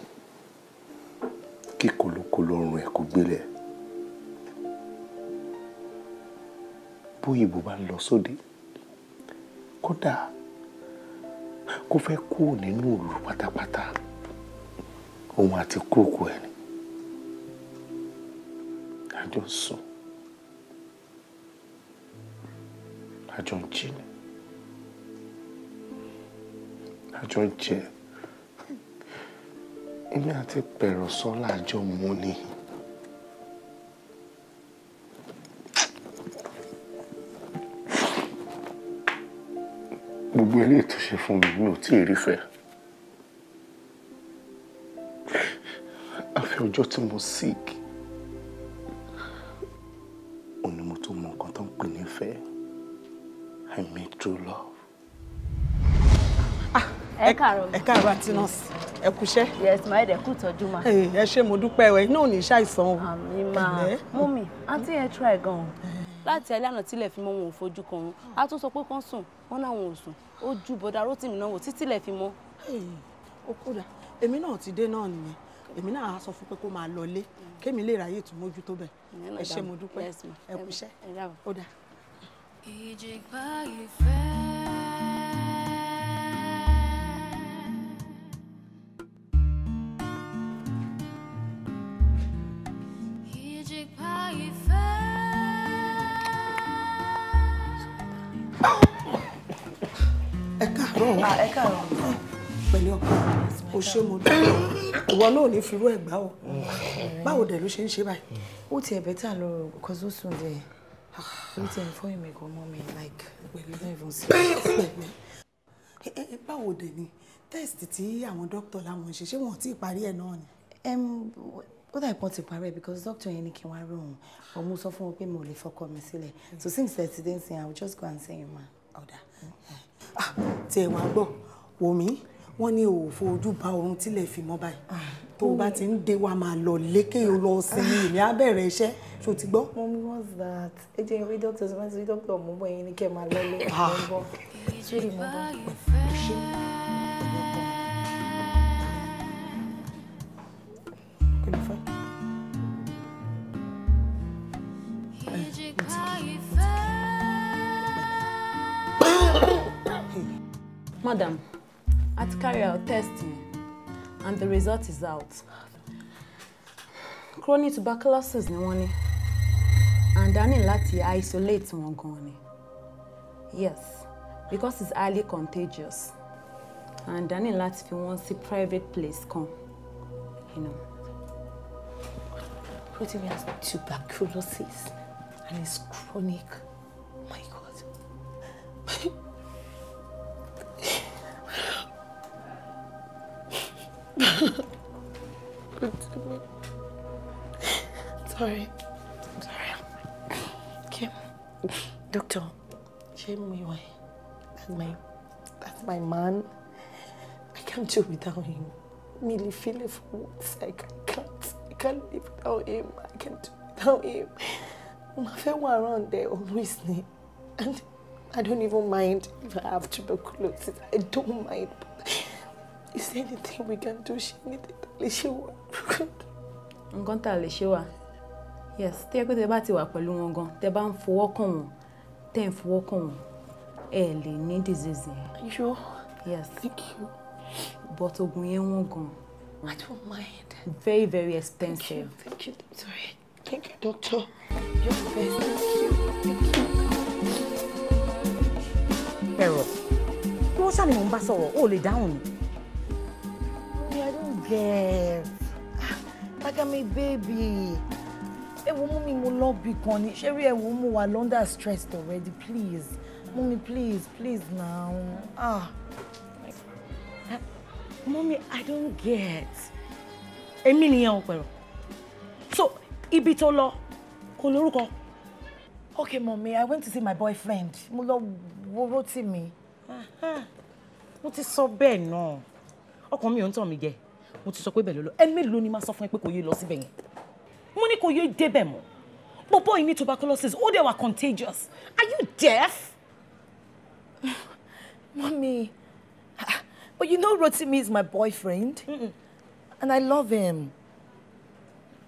kí kolokolo ọrùn ẹ̀ kò gbélé bóyìnbó bá lọ sóde kódà kó fẹ́ kú nínú òru pátápátá òun àti kúròkù ẹ̀ ni àjọ ń sùn àjọ ń jí ni àjọ ń jẹ èmi àti pẹ̀rọ̀ sọ́lá mú ni. gbogbo eléyìí tó ṣe fún mi mi ò tí ì rí fẹ́ àfi ọjọ́ tí mo sick òun mo tó mọ nǹkan tó ń pè nífẹ̀ẹ́ I mean true love. Ah, ẹ káàárọ̀ ẹ káàárọ̀ àti nọ́ọ̀sì ẹ kúṣẹ́. yes ma ẹ dẹ kú tọ́jú ma. Eh, ẹ ṣé mo dúpẹ́ ẹ náà ní ṣàìsàn o. àmì máa mú mi àǹtí yẹn try gan-an láti alẹ́ àná tílẹ̀ fi mọ́ wọn ò fojú kan wọn a tún sọ pé kán sùn wọn láwọn ò sùn ó ju bọ̀dà rótìmí náà wò títí lẹ̀ fi mọ́. ó kódà èmi náà ti dé náà nìyẹn èmi náà á sọ fún pé kó máa lọlé kémi lè ráyè tún mójú tó bẹ̀ ẹ ṣé mo dúpẹ́ ẹ kúṣẹ́ ó dà. ìjìgbá ìfẹ́ káàárọ̀. Ah, ẹ káàárọ̀. pẹ̀lú ọkọ o ṣé mo dá ìwọ náà ò ní firú ẹ̀ gbá o báwo dẹ̀ ló ṣe ń ṣe báyìí. ó tiẹ̀ bẹ́tà lọ rò because ó sùn dẹ̀ ah, ó tiẹ̀ fọ́ ìmọ̀ ẹ̀kọ́ mọ́ mi like pẹ̀lú ẹ̀fọn sí i. Eh, báwo dẹ̀ ni test tí àwọn dókítà làwọn ṣe ṣé wọn ò tí ì parí ẹ̀ náà ni. ó dà ìpọ́n ti parẹ́ because doctor yẹn ní kí n wá rí òun òun mo sọ fún wọn pé mi ò lè fọkọ mi sílẹ̀ so since that day I will just go and see you ma. ọ̀dà mm. Ah, tiẹ̀ wá gbọ́ wò mí wọ́n ní o ò fojú ba oorun tílẹ̀ fi mọ́ báyìí ah, tó o bá ti ń dé wa máa lọ lékè o lọ sinmi ìní ah. abẹ́rẹ́ iṣẹ́ ṣó ti gbọ́. mummy what's that ẹ jẹ́ ìwé doctor ṣe máa ti rí doctor mú bọ́ ẹ̀yin ní kẹ́ máa lọ́lé ọgbọ́n ṣé ìmọ̀ Madam, I carry out testing and the result is out. Chronic tuberculosis ni wọ́n and a Lati isolate wọn Yes, because it's highly contagious and a ní láti fi wọ́n sí private place Come, You know. Rotimi has tuberculosis and it's chronic. My God. sorry. I'm sorry. Kim, Doctor, Kim, me That's my that's my man. I can't do without him. Merely it for once. I can't. I can't live without him. I can't do without him. My fair one around there always need. And I don't even mind if I have tuberculosis. I don't mind. Is there anything we can do? Ṣé anything tá a lè Yes, tí ẹ pé tẹ bá ti wà pẹ̀lú wọn gan, tẹ bá ń fọwọ́ kàn wọ́n, tẹ̀ ń fọwọ́ kàn wọ́n, Are you sure? Yes. Thank you. But oògùn yẹn wọ́n gan. I don't mind. Very very expensive. Thank you. Thank you. Sorry. Thank you, doctor. You're the best. kẹrọ kí wọ́n ṣàní mò ń bá sọ̀rọ̀ ó lè dáhùn ni. I don't get Takami baby ewu mú mi mo lọ bí kan ni ṣé rí ewu mú wa London stressed already please mú mi please please now ah mommy, I don't get èmi nìyẹn ò pẹ̀rọ so ibi tó lọ kò lórúkọ okay mommy, I went to see my boyfriend mo lọ wo Rótìmí mo ti sọ bẹ́ẹ̀ náà ọkàn mi ò ń tàn mí jẹ mo ti sọ pé bẹ́ẹ̀ ló lọ ẹ mélòó ni máa sọ fún ẹ pé kò yé lọ síbẹ̀ yẹn mo ní kò yé débẹ̀ mọ́ bọ́bọ́ yìí ní tuberculosis ó dẹ̀ wà contagious are you deaf. Mommy, but you know Rotimi is my boyfriend. Mm -mm. And I love him.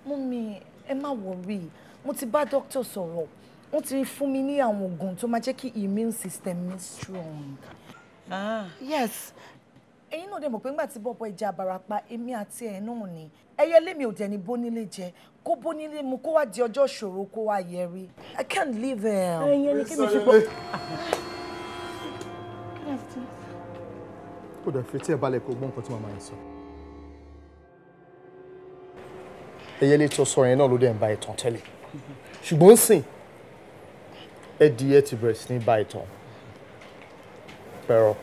Mommy, ẹ má worry. Mo ti bá doctor sọ̀rọ̀ wọ́n ti fún mi ní àwọn oògùn tó máa jẹ́ kí immune system mi strong. Ah, yes ẹ̀yin náà dẹ̀ mọ̀ pé ńgbà tí bọ́bọ́ ìjà àbàràpá èmi àti ẹ̀ náà ni ẹyẹ lémi ò dẹ̀ ní bónílé jẹ kó bónílé mu kó wá di ọjọ́ ṣòro kó wá yẹrí i can't live hell. ẹyẹ ni kí mi ṣe pọ. kò dẹ̀ fi tí ẹ balẹ̀ kó gbọ́ nǹkan tí màmá yẹn sọ. ẹyẹ lè tó sọ yẹn náà ló dẹ̀ ń ba ìtàn tẹ́lẹ̀ ṣùgbọ́n sìn ẹdìyẹ ti bẹ̀rẹ̀ sí ní bá ìtàn pẹ̀rọ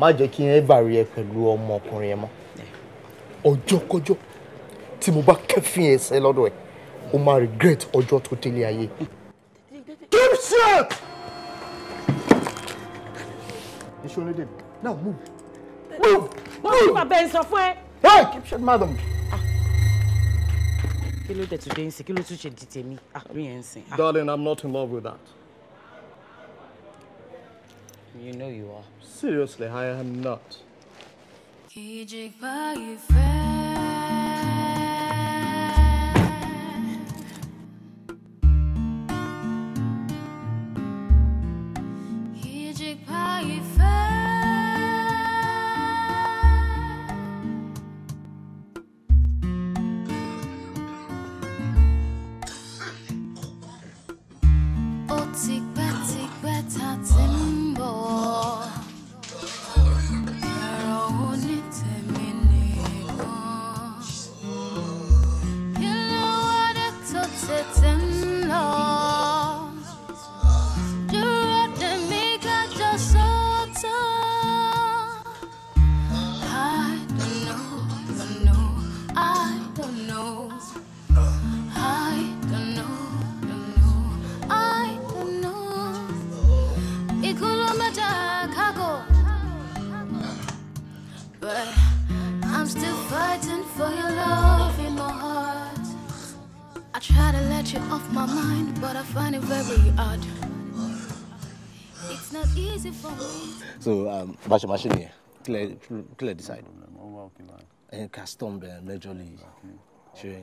má jẹ́ kí ẹ bá rí ẹ pẹ̀lú ọmọkùnrin ẹ mọ́ ọjọ́kọ́jọ́ tí mo bá kẹ́fìn ẹsẹ̀ lọ́dọ̀ ẹ̀ o máa regret ọjọ́ tó délé ayé. keep shut. ìṣòro dèbí now move move move. mo ní bàbá ẹ̀ sọ fún ẹ. hey keep shut madam. Ah. Ah. Darling, I'm not in love with that. You know you are. Seriously, I am not. bá ṣe máa ṣe nìyẹn clear decide. ẹyin custom bẹ majorly ṣe.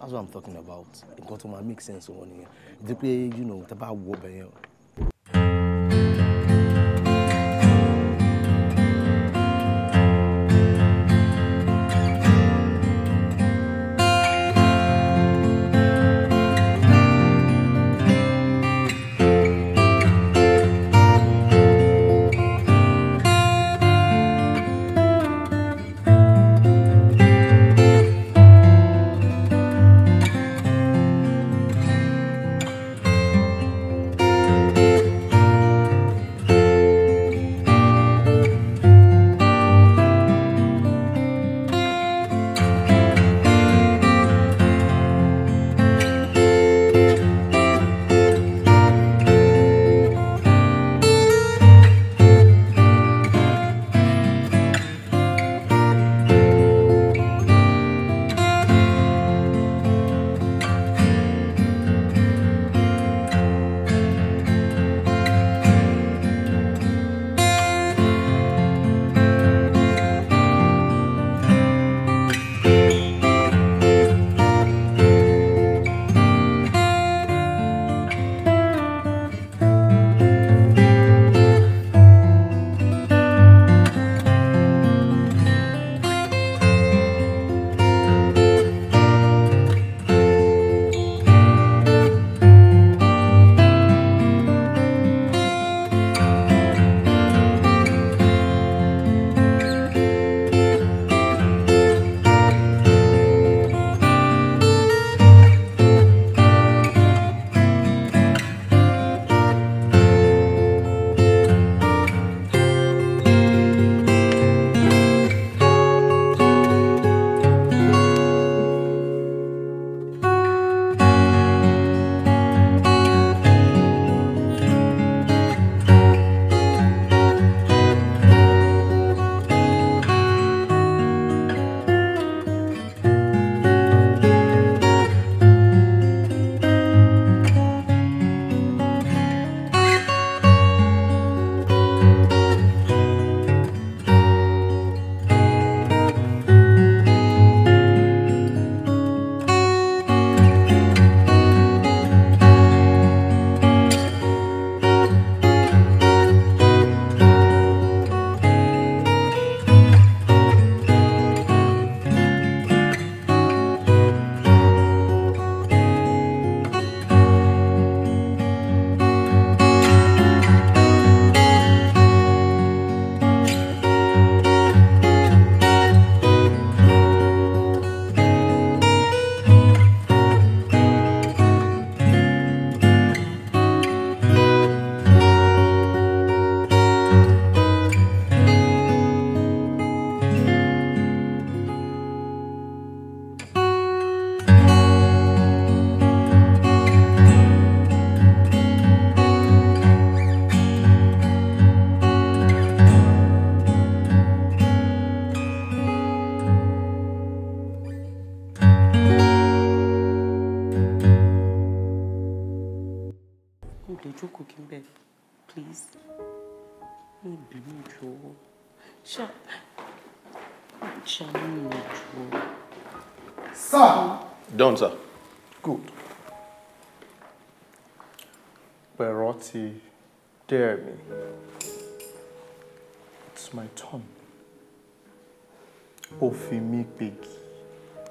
that's what i'm talking about nǹkan tó máa make sense wọn nìyẹn dípẹ́ you know tẹ́ bá wọ bẹ̀yẹn o.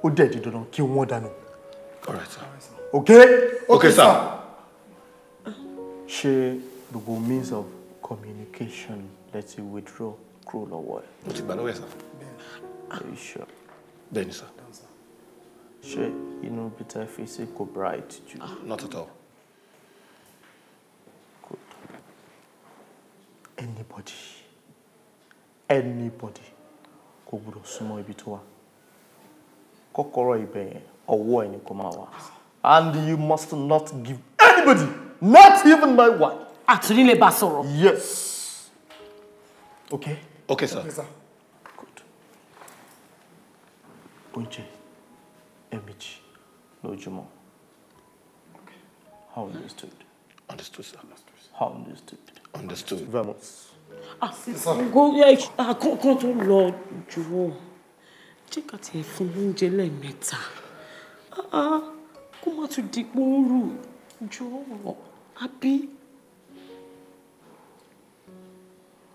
ó dẹ̀ di dandan kí wọ́n dànù. all right sir. okay okay sir. ṣe gbogbo means of communication lẹ́tí withdraw kúrò lọ́wọ́ ẹ̀. mo ti gbà lọ́wọ́ ẹ̀ sir. are you sure. bẹ́ẹ̀ni sir. ṣe inú peter fèsì kò bright jù. Ah, not at all. good anybody anybody kò gbọdọ̀ súnmọ́ ibi tó wà kọ́kọ́rọ́ ibẹ̀ yẹn ọwọ́ kò máa wà and you must not give anybody not even my wife. àtúndì lè bá sọ̀rọ̀. yes okay. okay sir. Okay, sir. good. oúnjẹ ẹ̀ẹ̀mejì lójúmọ́. How understood? Understood, sir. How understood? Understood. Vamos. Ah, c'est ça. Go, yeah, ah, quand, quand on jẹ́ ká tiẹ̀ fún oúnjẹ lẹ́ẹ̀mẹ́ta ah, ah, kó má tún di pòórù jọ̀ọ́ àbí.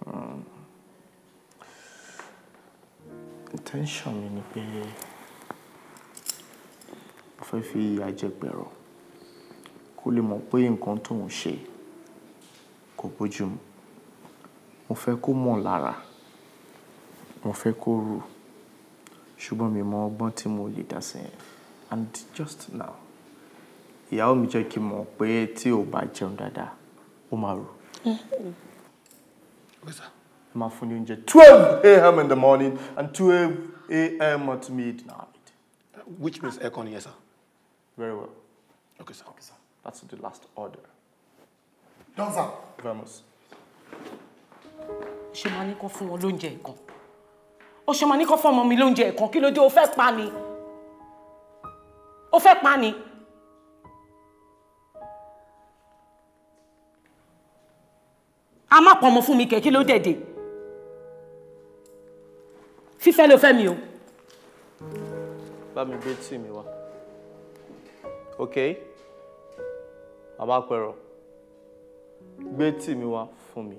Hmm, intention mi ni pé mo fẹ́ fi àjẹgbẹ̀rọ kó lè mọ̀ pé nǹkan tó ṣe kò bójú mu mo fẹ́ kó mọ̀ lára mo fẹ́ kó rù. ṣùgbọ́n mi mọ ọgbọ́n tí mo lè dá da and just now ìyàwó mi jẹ́ kí n mọ̀ pé tí ò bá jẹun dáadáa ó máa rò. ẹ mm. máa fún ní oúnjẹ twelve a.m. in the morning and twelve a.m. at midnight. which means aircon yes sir. very well. okay sir. okay sir that's the last order. done sir. vamos. ṣe máa ní kó fún wọn lóúnjẹ nǹkan. ó ṣe máa ní kọ́ fún ọmọ mi lóúnjẹ ẹ̀kan kí ló dé o fẹ́ pa ni o fẹ́ pa ni. a má pọ̀ ọmọ fún mi kẹ̀ kí ló dẹ̀dẹ̀ fífẹ́ ló fẹ́ mi o. bá mi gbé tíì mi wá ok màmá pẹ̀rọ gbé tíì mi wá fún mi.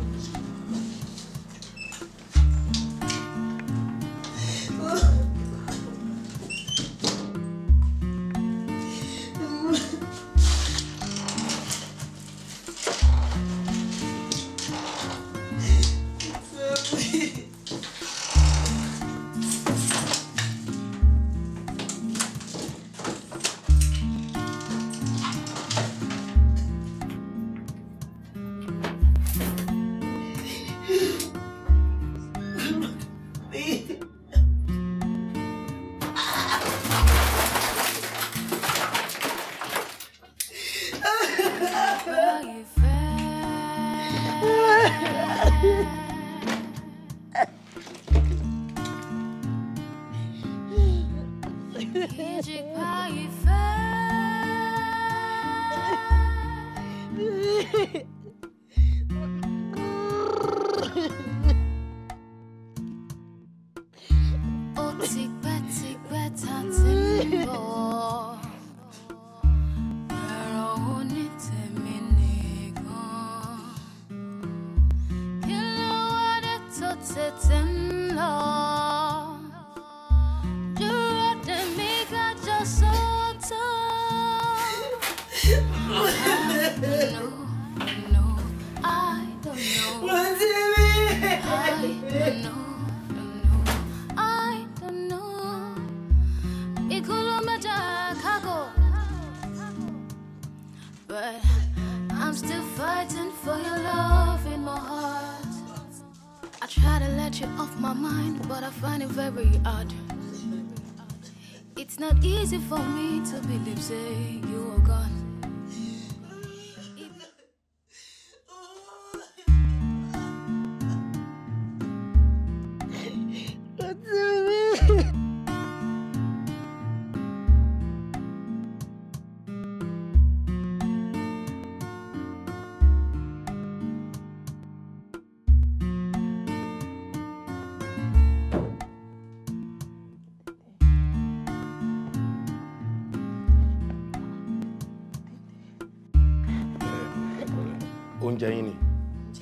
oúnjẹ yín ni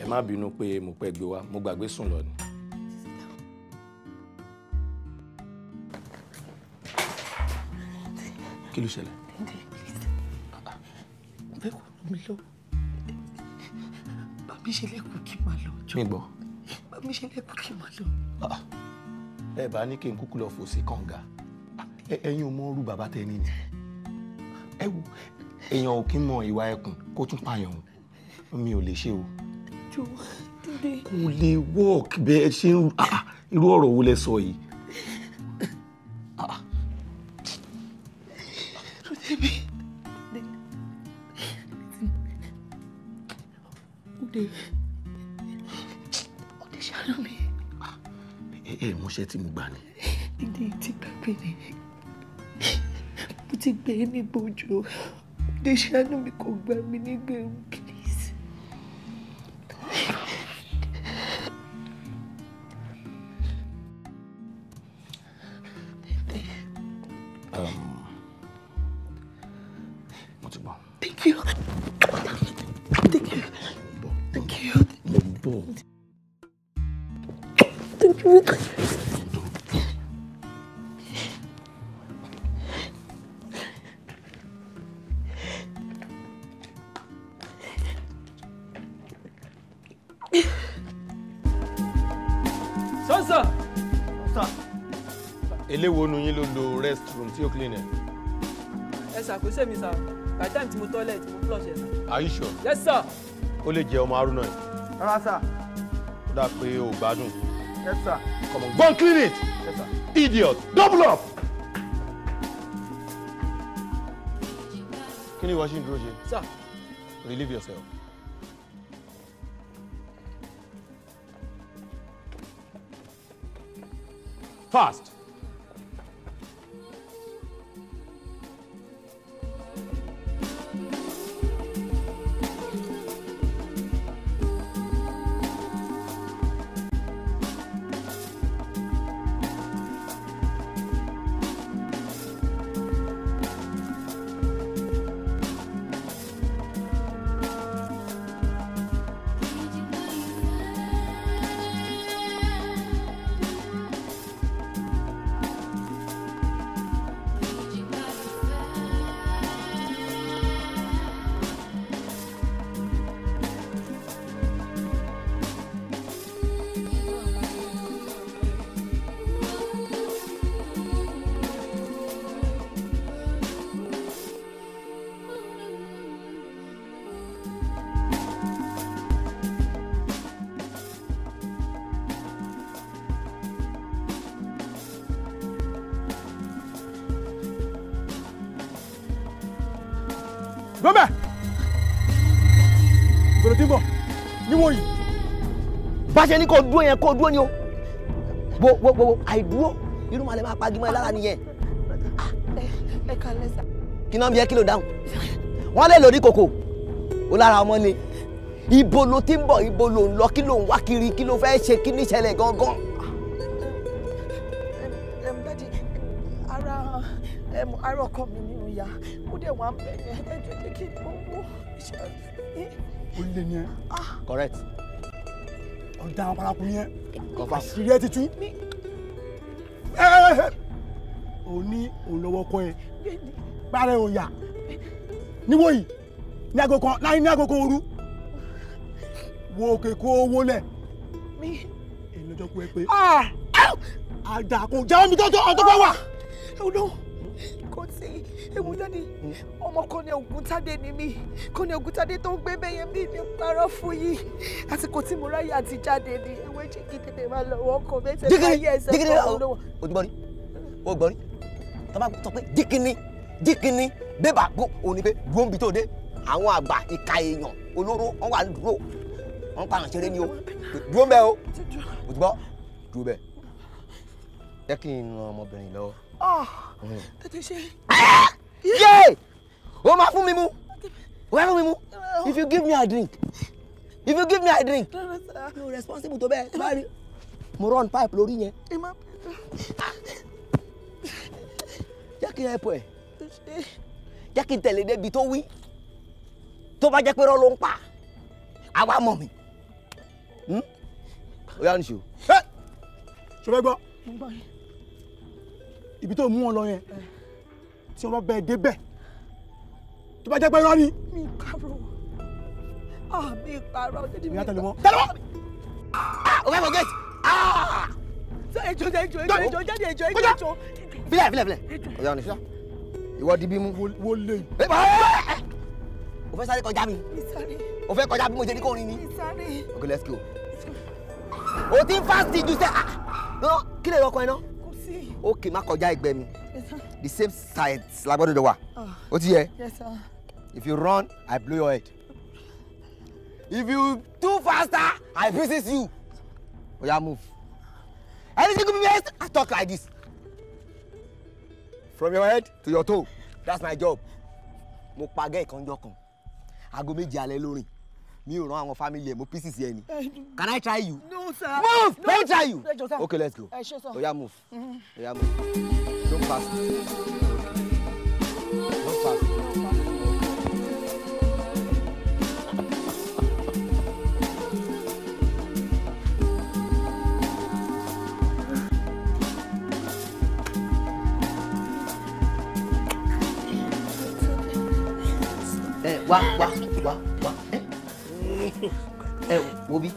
ẹ má bínú pé mo pẹ́ gbé wá mo gbàgbé sùn lọ ni. kí ló ṣẹlẹ̀. bẹ́ẹ̀ kò ràn mí lọ́wọ́ bàbí ṣe lẹ́kùn kí n máa lọ. mi gbọ́. bàbí ṣe lẹ́kùn kí n máa lọ. ẹ bá ní kí n kúkú lọ fò sí kànga ẹ̀yin ò mọ orú bàbá tẹ ní ni ẹ wo èèyàn ò kí ń mọ ìwà ẹkùn kó tún pààyàn o mi ò lè ṣe o. jọ dúdé. kò lè work bẹ́ẹ̀ ṣe ń ah, ah, irú ọ̀rọ̀ wo lẹ sọ yìí. dúdé mi. dúdé. dúdé ṣàánú mi. ẹ ẹ mọṣẹ tí mo gbà ni. dúdé ti gbàgbé ni mo ti gbé ní bójú dúdé ṣàánú mi kò gbà mí nígbà òkè. eléwo nu yín ló lo restroom tí ó clean ẹ. ẹ sà kò sèmi by time tí mo toilet mo flush ẹ are you sure. yes sir. ó lè jẹ ọmọ arúnà yìí. rárá sà. ó dà pé o gbádùn. yes sir. come on go and clean it. yes sir. idiot double up. kí ni ìwọ ṣì ń dúró ṣe. sir. relieve yourself. Fast. bá ṣe ní kó dúró yẹn kó dúró ni o wo wo wo àìdúró irú màlẹ́ máa pagi mọ́ ẹ lára nìyẹn. ẹ kàn lẹ́sà. kí náà bí ẹ kílò dáhùn wọ́n lè lórí kòkò ó lára ọmọ ni ibo ló ti ń bọ̀ ibo ló ń lọ kí ló ń wá kiri kí ló fẹ́ ṣe kí ní ìṣẹ̀lẹ̀ gangan. ara ọkọ mi nínú ya ó dẹ̀ wá ń bẹ̀ yẹn ẹ jẹ́ kí n mọ̀ wọ́n. ó lè ní ẹ. Ah. correct da àwọn paraku yẹn àṣírí ẹ ti tú ò ní òun lọ́wọ́ kọ́ ẹ gbára ẹ̀ ò yà ní agogo láyé ní agogo òru wo òkè kó owó lẹ̀ èyí lọ́jọ́ kú ẹ pé ah! àdàkùn jẹ́ omi tó tó ọ̀tọ́ pẹ́ wà. Oh ewu jáde ọmọ kan ní ni mí kan ní tó ń gbé bẹ́yẹn bí mi parọ́ fún yìí àsìkò tí mo ráyè àti jáde ni ewé jẹ́ tètè máa lọ wọ́n kọ mẹ́sẹ̀ láyé ẹsẹ̀ kan lọ́wọ́. o gbọ́ rí o gbọ́ rí tọ́ sọ pé jíkìnní jíkìnní bébà gbó òní pé gbóǹbì tó dé àwọn àgbà ìka èèyàn olóró wọn wà dúró wọn pa àrùn ṣeré ni o dúró bẹ́ẹ̀ o o ti gbọ́ dúró bẹ́ẹ̀ jẹ́ kí n ran ọmọbìnrin lọ́wọ́. Ah, hmm. tètè ṣe. Ah! yé o máa fún mi mú o máa mi mú if you give me a drink if you give me a drink no responsible to bẹ́ẹ̀ bá rí mo run pipe lórí yẹn jẹ́ kí n help ẹ̀ jẹ́ kí n tẹ̀lé débi tó wí tó bá jẹ́ pé rọ́ ló ń pa àwa mọ̀ mi hmm? ó yá nìṣó. ṣọlá gbọ́ ibi tó mú wọn lọ yẹn tí wọ́n bá bẹ́ẹ̀ débẹ̀ tó bá jẹ́ pé irọ́ ni. mi kàrò ah mi kàrò dídí mi kàrò. ìyá tẹ̀lé wọn. tẹ̀lé wọn. o fẹ́ fọ gẹ́ẹ̀tì. ejò ejò ejò ejò jáde ejò ejò ejò. filẹ filẹ filẹ ọjà ọ̀nà ìfilà ìwọ di bímú. wo lè. o fẹ́ sáré kọjá mi. o fẹ́ kọjá bí mo ṣe ní kò rin ni. ok let's go. o ti ń fásitì ju sẹ́ ah! kí lè rọkọ ẹ náà. ok má kọjá ẹgbẹ́ mi the same size la gbọ́dọ̀ wà ah. ó Yes, sir. if you run i blow your head if you too faster i pieces you Oh yeah, move anything go be best i talk like this from your head to your toe that's my job mo pagẹ́ ìkànjọ́ kan aago méje alẹ́ lórin mi ò rán àwọn family ẹ mo pieces yẹn ni eh, can i try you no sir move no. let try you okay let's go oya move oya mm-hmm. move fast. Not fast. ẹ eh, wá wá wá wá ẹ eh. eh, wo bí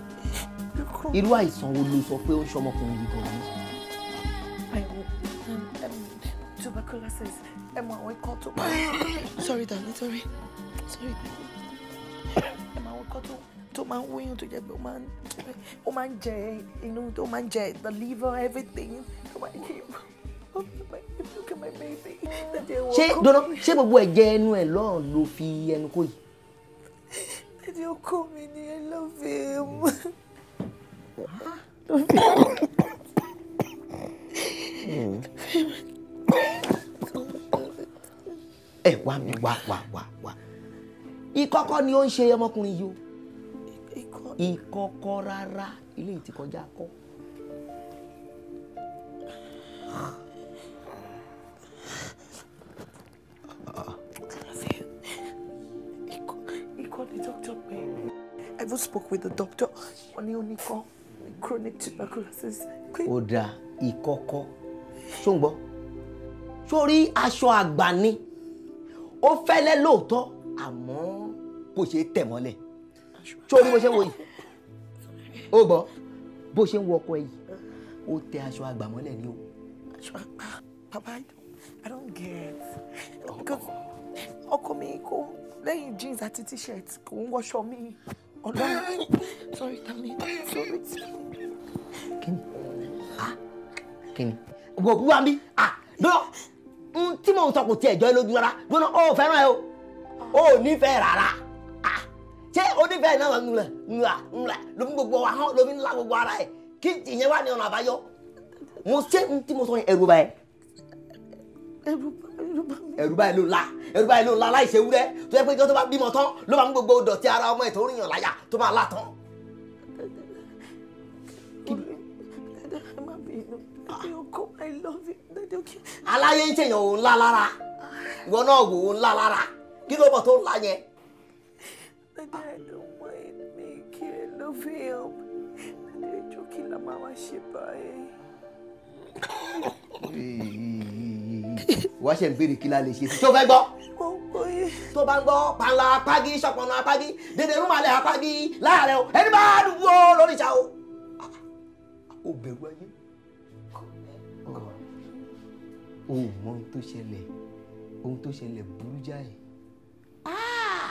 irú àìsàn wo ló sọ pé ó ń ṣọmọkùnrin yìí gan-an. glasses ẹ mọ àwọn ikọ́ sorry darling sorry sorry ẹ we àwọn to. To tó máa ń wíyàn tó man. Oh ó máa You know, inú tó máa the liver everything tó máa ń jẹ ṣé dọ́nà ṣé gbogbo ẹ̀jẹ̀ ẹnu ẹ̀ lọ́rùn ló fi ẹnu kó yìí. ẹni ọkọ mi ni ẹ lọ́ọ́ fi ẹ mú. ẹ wá mi wá wá wá wá ìkọ́kọ́ ni ó ń ṣe ọmọkùnrin yìí o ìkọ́kọ́ rárá ilé yìí ti kọjá kọ́. I even spoke with the doctor. Wọ́n ní ó chronic tuberculosis. Oda, dáa, ìkọ́kọ́. Ṣó ń gbọ́? Sórí aṣọ ó fẹ́lẹ́ lóòótọ́ àmọ́ kò ṣeé tẹ̀ mọ́lẹ̀ sórí bó ṣe ń wo yìí ó gbọ́ bó ṣe ń wọ ọkọ yìí ó tẹ aṣọ àgbàmọ́lẹ̀ ni o. Papa, I don't get because ọkọ mi kò lẹ́yìn jeans àti t-shirt kò ń wọṣọ mi ọlọ́run sorry tami sorry tami. kí ni ah kí ni gbogbo wa mi ah, tí mò sọ kò tiẹ̀ jọ lójú rárá gbóná ó fẹ́ràn ẹ o ó nífẹ̀ẹ́ rárá ṣé onífẹ̀ẹ́ náà ńlẹ̀ ńlá ńlá ló gbogbo ahọ́n ló fi ńlá gbogbo ara ẹ̀ kí ìyẹn wà ní ọ̀nà àbáyọ mo ṣé tí mo sọ yẹn ẹ̀rù báyẹn ẹ̀rù báyìí ló la ẹ̀rù báyìí ló la láìṣe wúrẹ tó yẹ pé tó bá bímọ tán ló máa ń gbogbo dọ̀tí ara ọmọ ẹ̀ tó ń láyà tó máa là I love aláyé ń tèèyàn òun ńlá lára ìwọ náà wò ó ńlá lára kí ló bọ̀ tó ńlá yẹn. Daddy, I don't mind making a love film. Daddy, ẹjọ́ kí la máa wá ṣe báyìí. Wá ṣe ń béèrè kí la lè ṣe sí. Tó fẹ́ gbọ́. Tó bá ń gbọ́ pàǹlà apági ṣọ̀pọ̀nà apági dèdè rúmàlẹ̀ apági láàrẹ̀ o. Ẹni bá dùn wó lórí ìṣà o. Ah, ó bẹ̀rù ayé. o ò mọ ohun tó ṣẹlẹ̀ ohun tó ṣẹlẹ̀ burú jáì. Ah!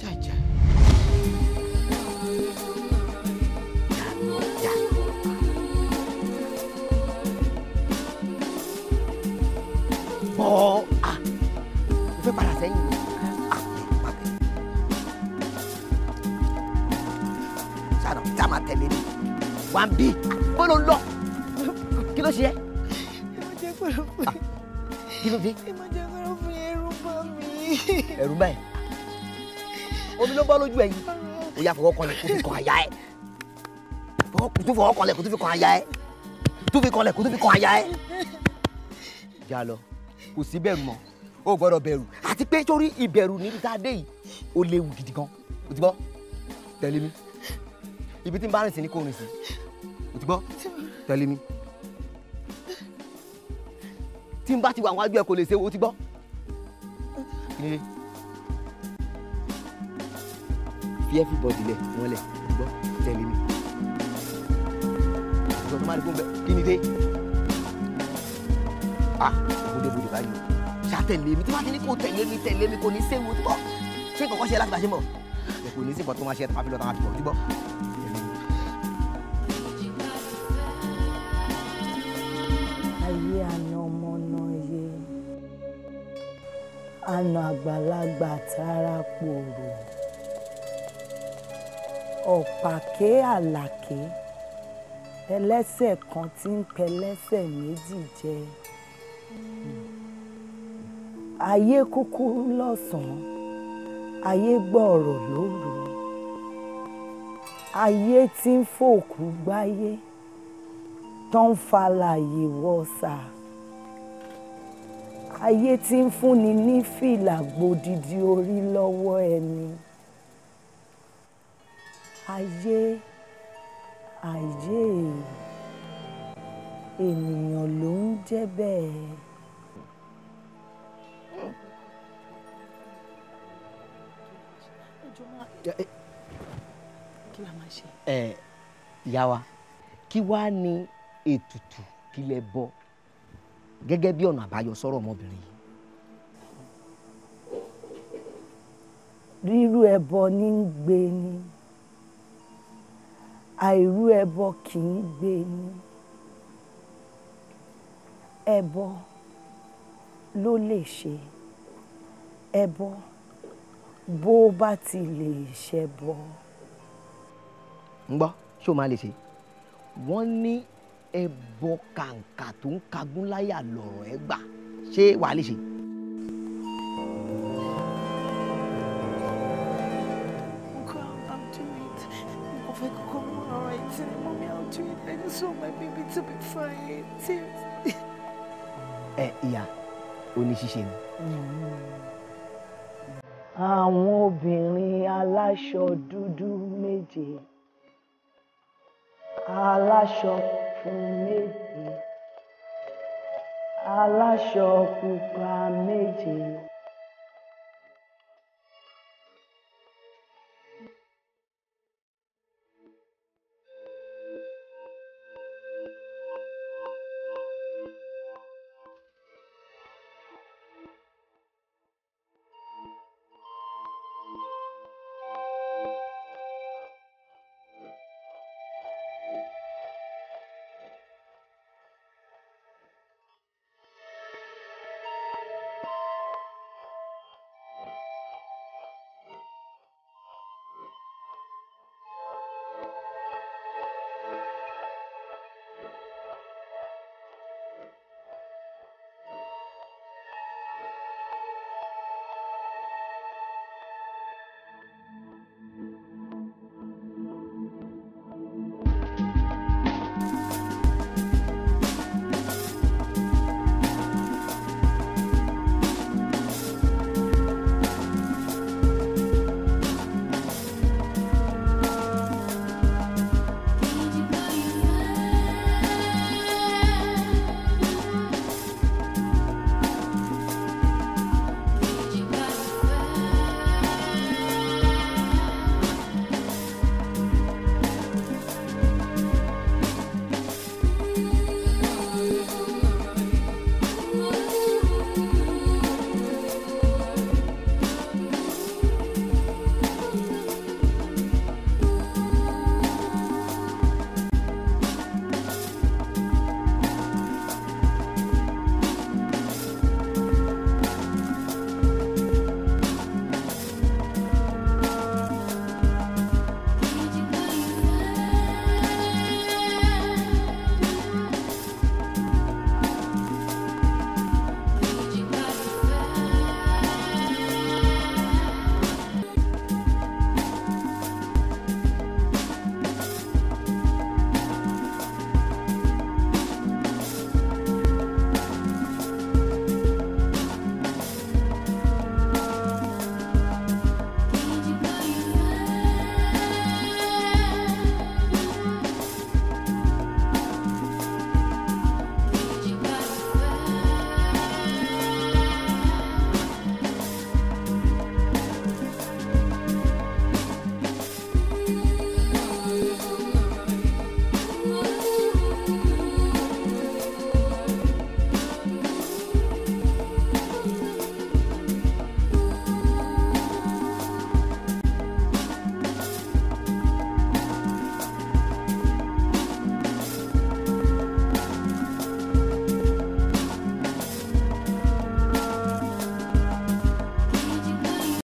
jàjà. bọ́ a ah! mo fẹ́ padà sẹ́yìn ah! mi. sáà ló ṣe ẹ́. ẹ má jẹ́ kóró fún yín. kí ló dé. ẹ má jẹ́ kóró fún yín ẹ̀rù bá mi. ẹ̀rù báyìí omi ló bọ́ lójú ẹ̀yìn ó yà fọwọ́ kọlẹ̀ kó fi kọ àyà ẹ̀ tó fọwọ́ kọlẹ̀ kó tó fi kọ àyà ẹ̀ tó fi kọlẹ̀ kó tó fi kọ àyà ẹ̀. jà lọ kò sí bẹ́ẹ̀ mọ́ o gbọ́dọ̀ bẹ̀rù àti pé torí ìbẹ̀rù níbi tá a dé yìí ó léwu gidi gan o ti gbọ́ tẹ̀lé mi ibi tí n bá rìn sí ni kò rìn sí o ti gbọ́ tẹ̀lé mi tí n bá ti wà àwọn ajú ẹ kò lè ṣe owó ti gbọ́. fi everybody lẹ wọn lẹ gbọ́ tẹ̀lé mi. ìjọba máa ń gbọ́ bẹ́ẹ̀ kí ni dé. a ah, bòdòbòdò báyìí ṣàtẹ̀lé mi tí wọ́n ti ní kò tẹ̀lé mi tẹ̀lé mi kò ní séwu tó ṣé kọ̀kọ́ ṣe láti bá ṣe kò ní sí tó máa ṣe ẹ̀ tó máa fi lọ́ta máa fi bọ̀ tó gbọ́. ayé àná àna àgbàlagbà tara pòrò ọ̀pàkẹ́ àlàkẹ́ ẹlẹ́sẹ̀ kan tí ń pẹlẹ́sẹ̀ méjì jẹ ayé kúkúrú lọ́sàn ayé gbọ́ọ̀rọ̀ lóru ayé tí ń fòkú gbáyé tó ń falàyè wọ́sàá ayé tí ń fúnni ní fìlà gbòdìdì orí lọ́wọ́ ẹni ayé ayé ènìyàn ló ń jẹ́ bẹ́ẹ̀. kí ẹ yá wa kí wàá ní ètùtù kí lẹ bọ gẹ́gẹ́ bí ọ̀nà àbáyọ sọ́rọ̀ ọmọbìnrin yìí. rírú ẹbọ ní ń gbé ni àìrú ẹbọ kì í gbé ni ẹbọ ló lè ṣe ẹbọ bó bá ti lè ṣẹbọ. ń gbọ́ ṣé o máa lè ṣe wọ́n ní ẹbọ kàǹkà tó ń kagún láyà lọ̀rọ̀ ẹ gbà ṣé wàá lè ṣe. I just want my baby to be fine. Tears. Ẹ ìyá oníṣíṣe ni. Àwọn obìnrin aláṣọ dúdú méje aláṣọ funfun méje aláṣọ pupa méje.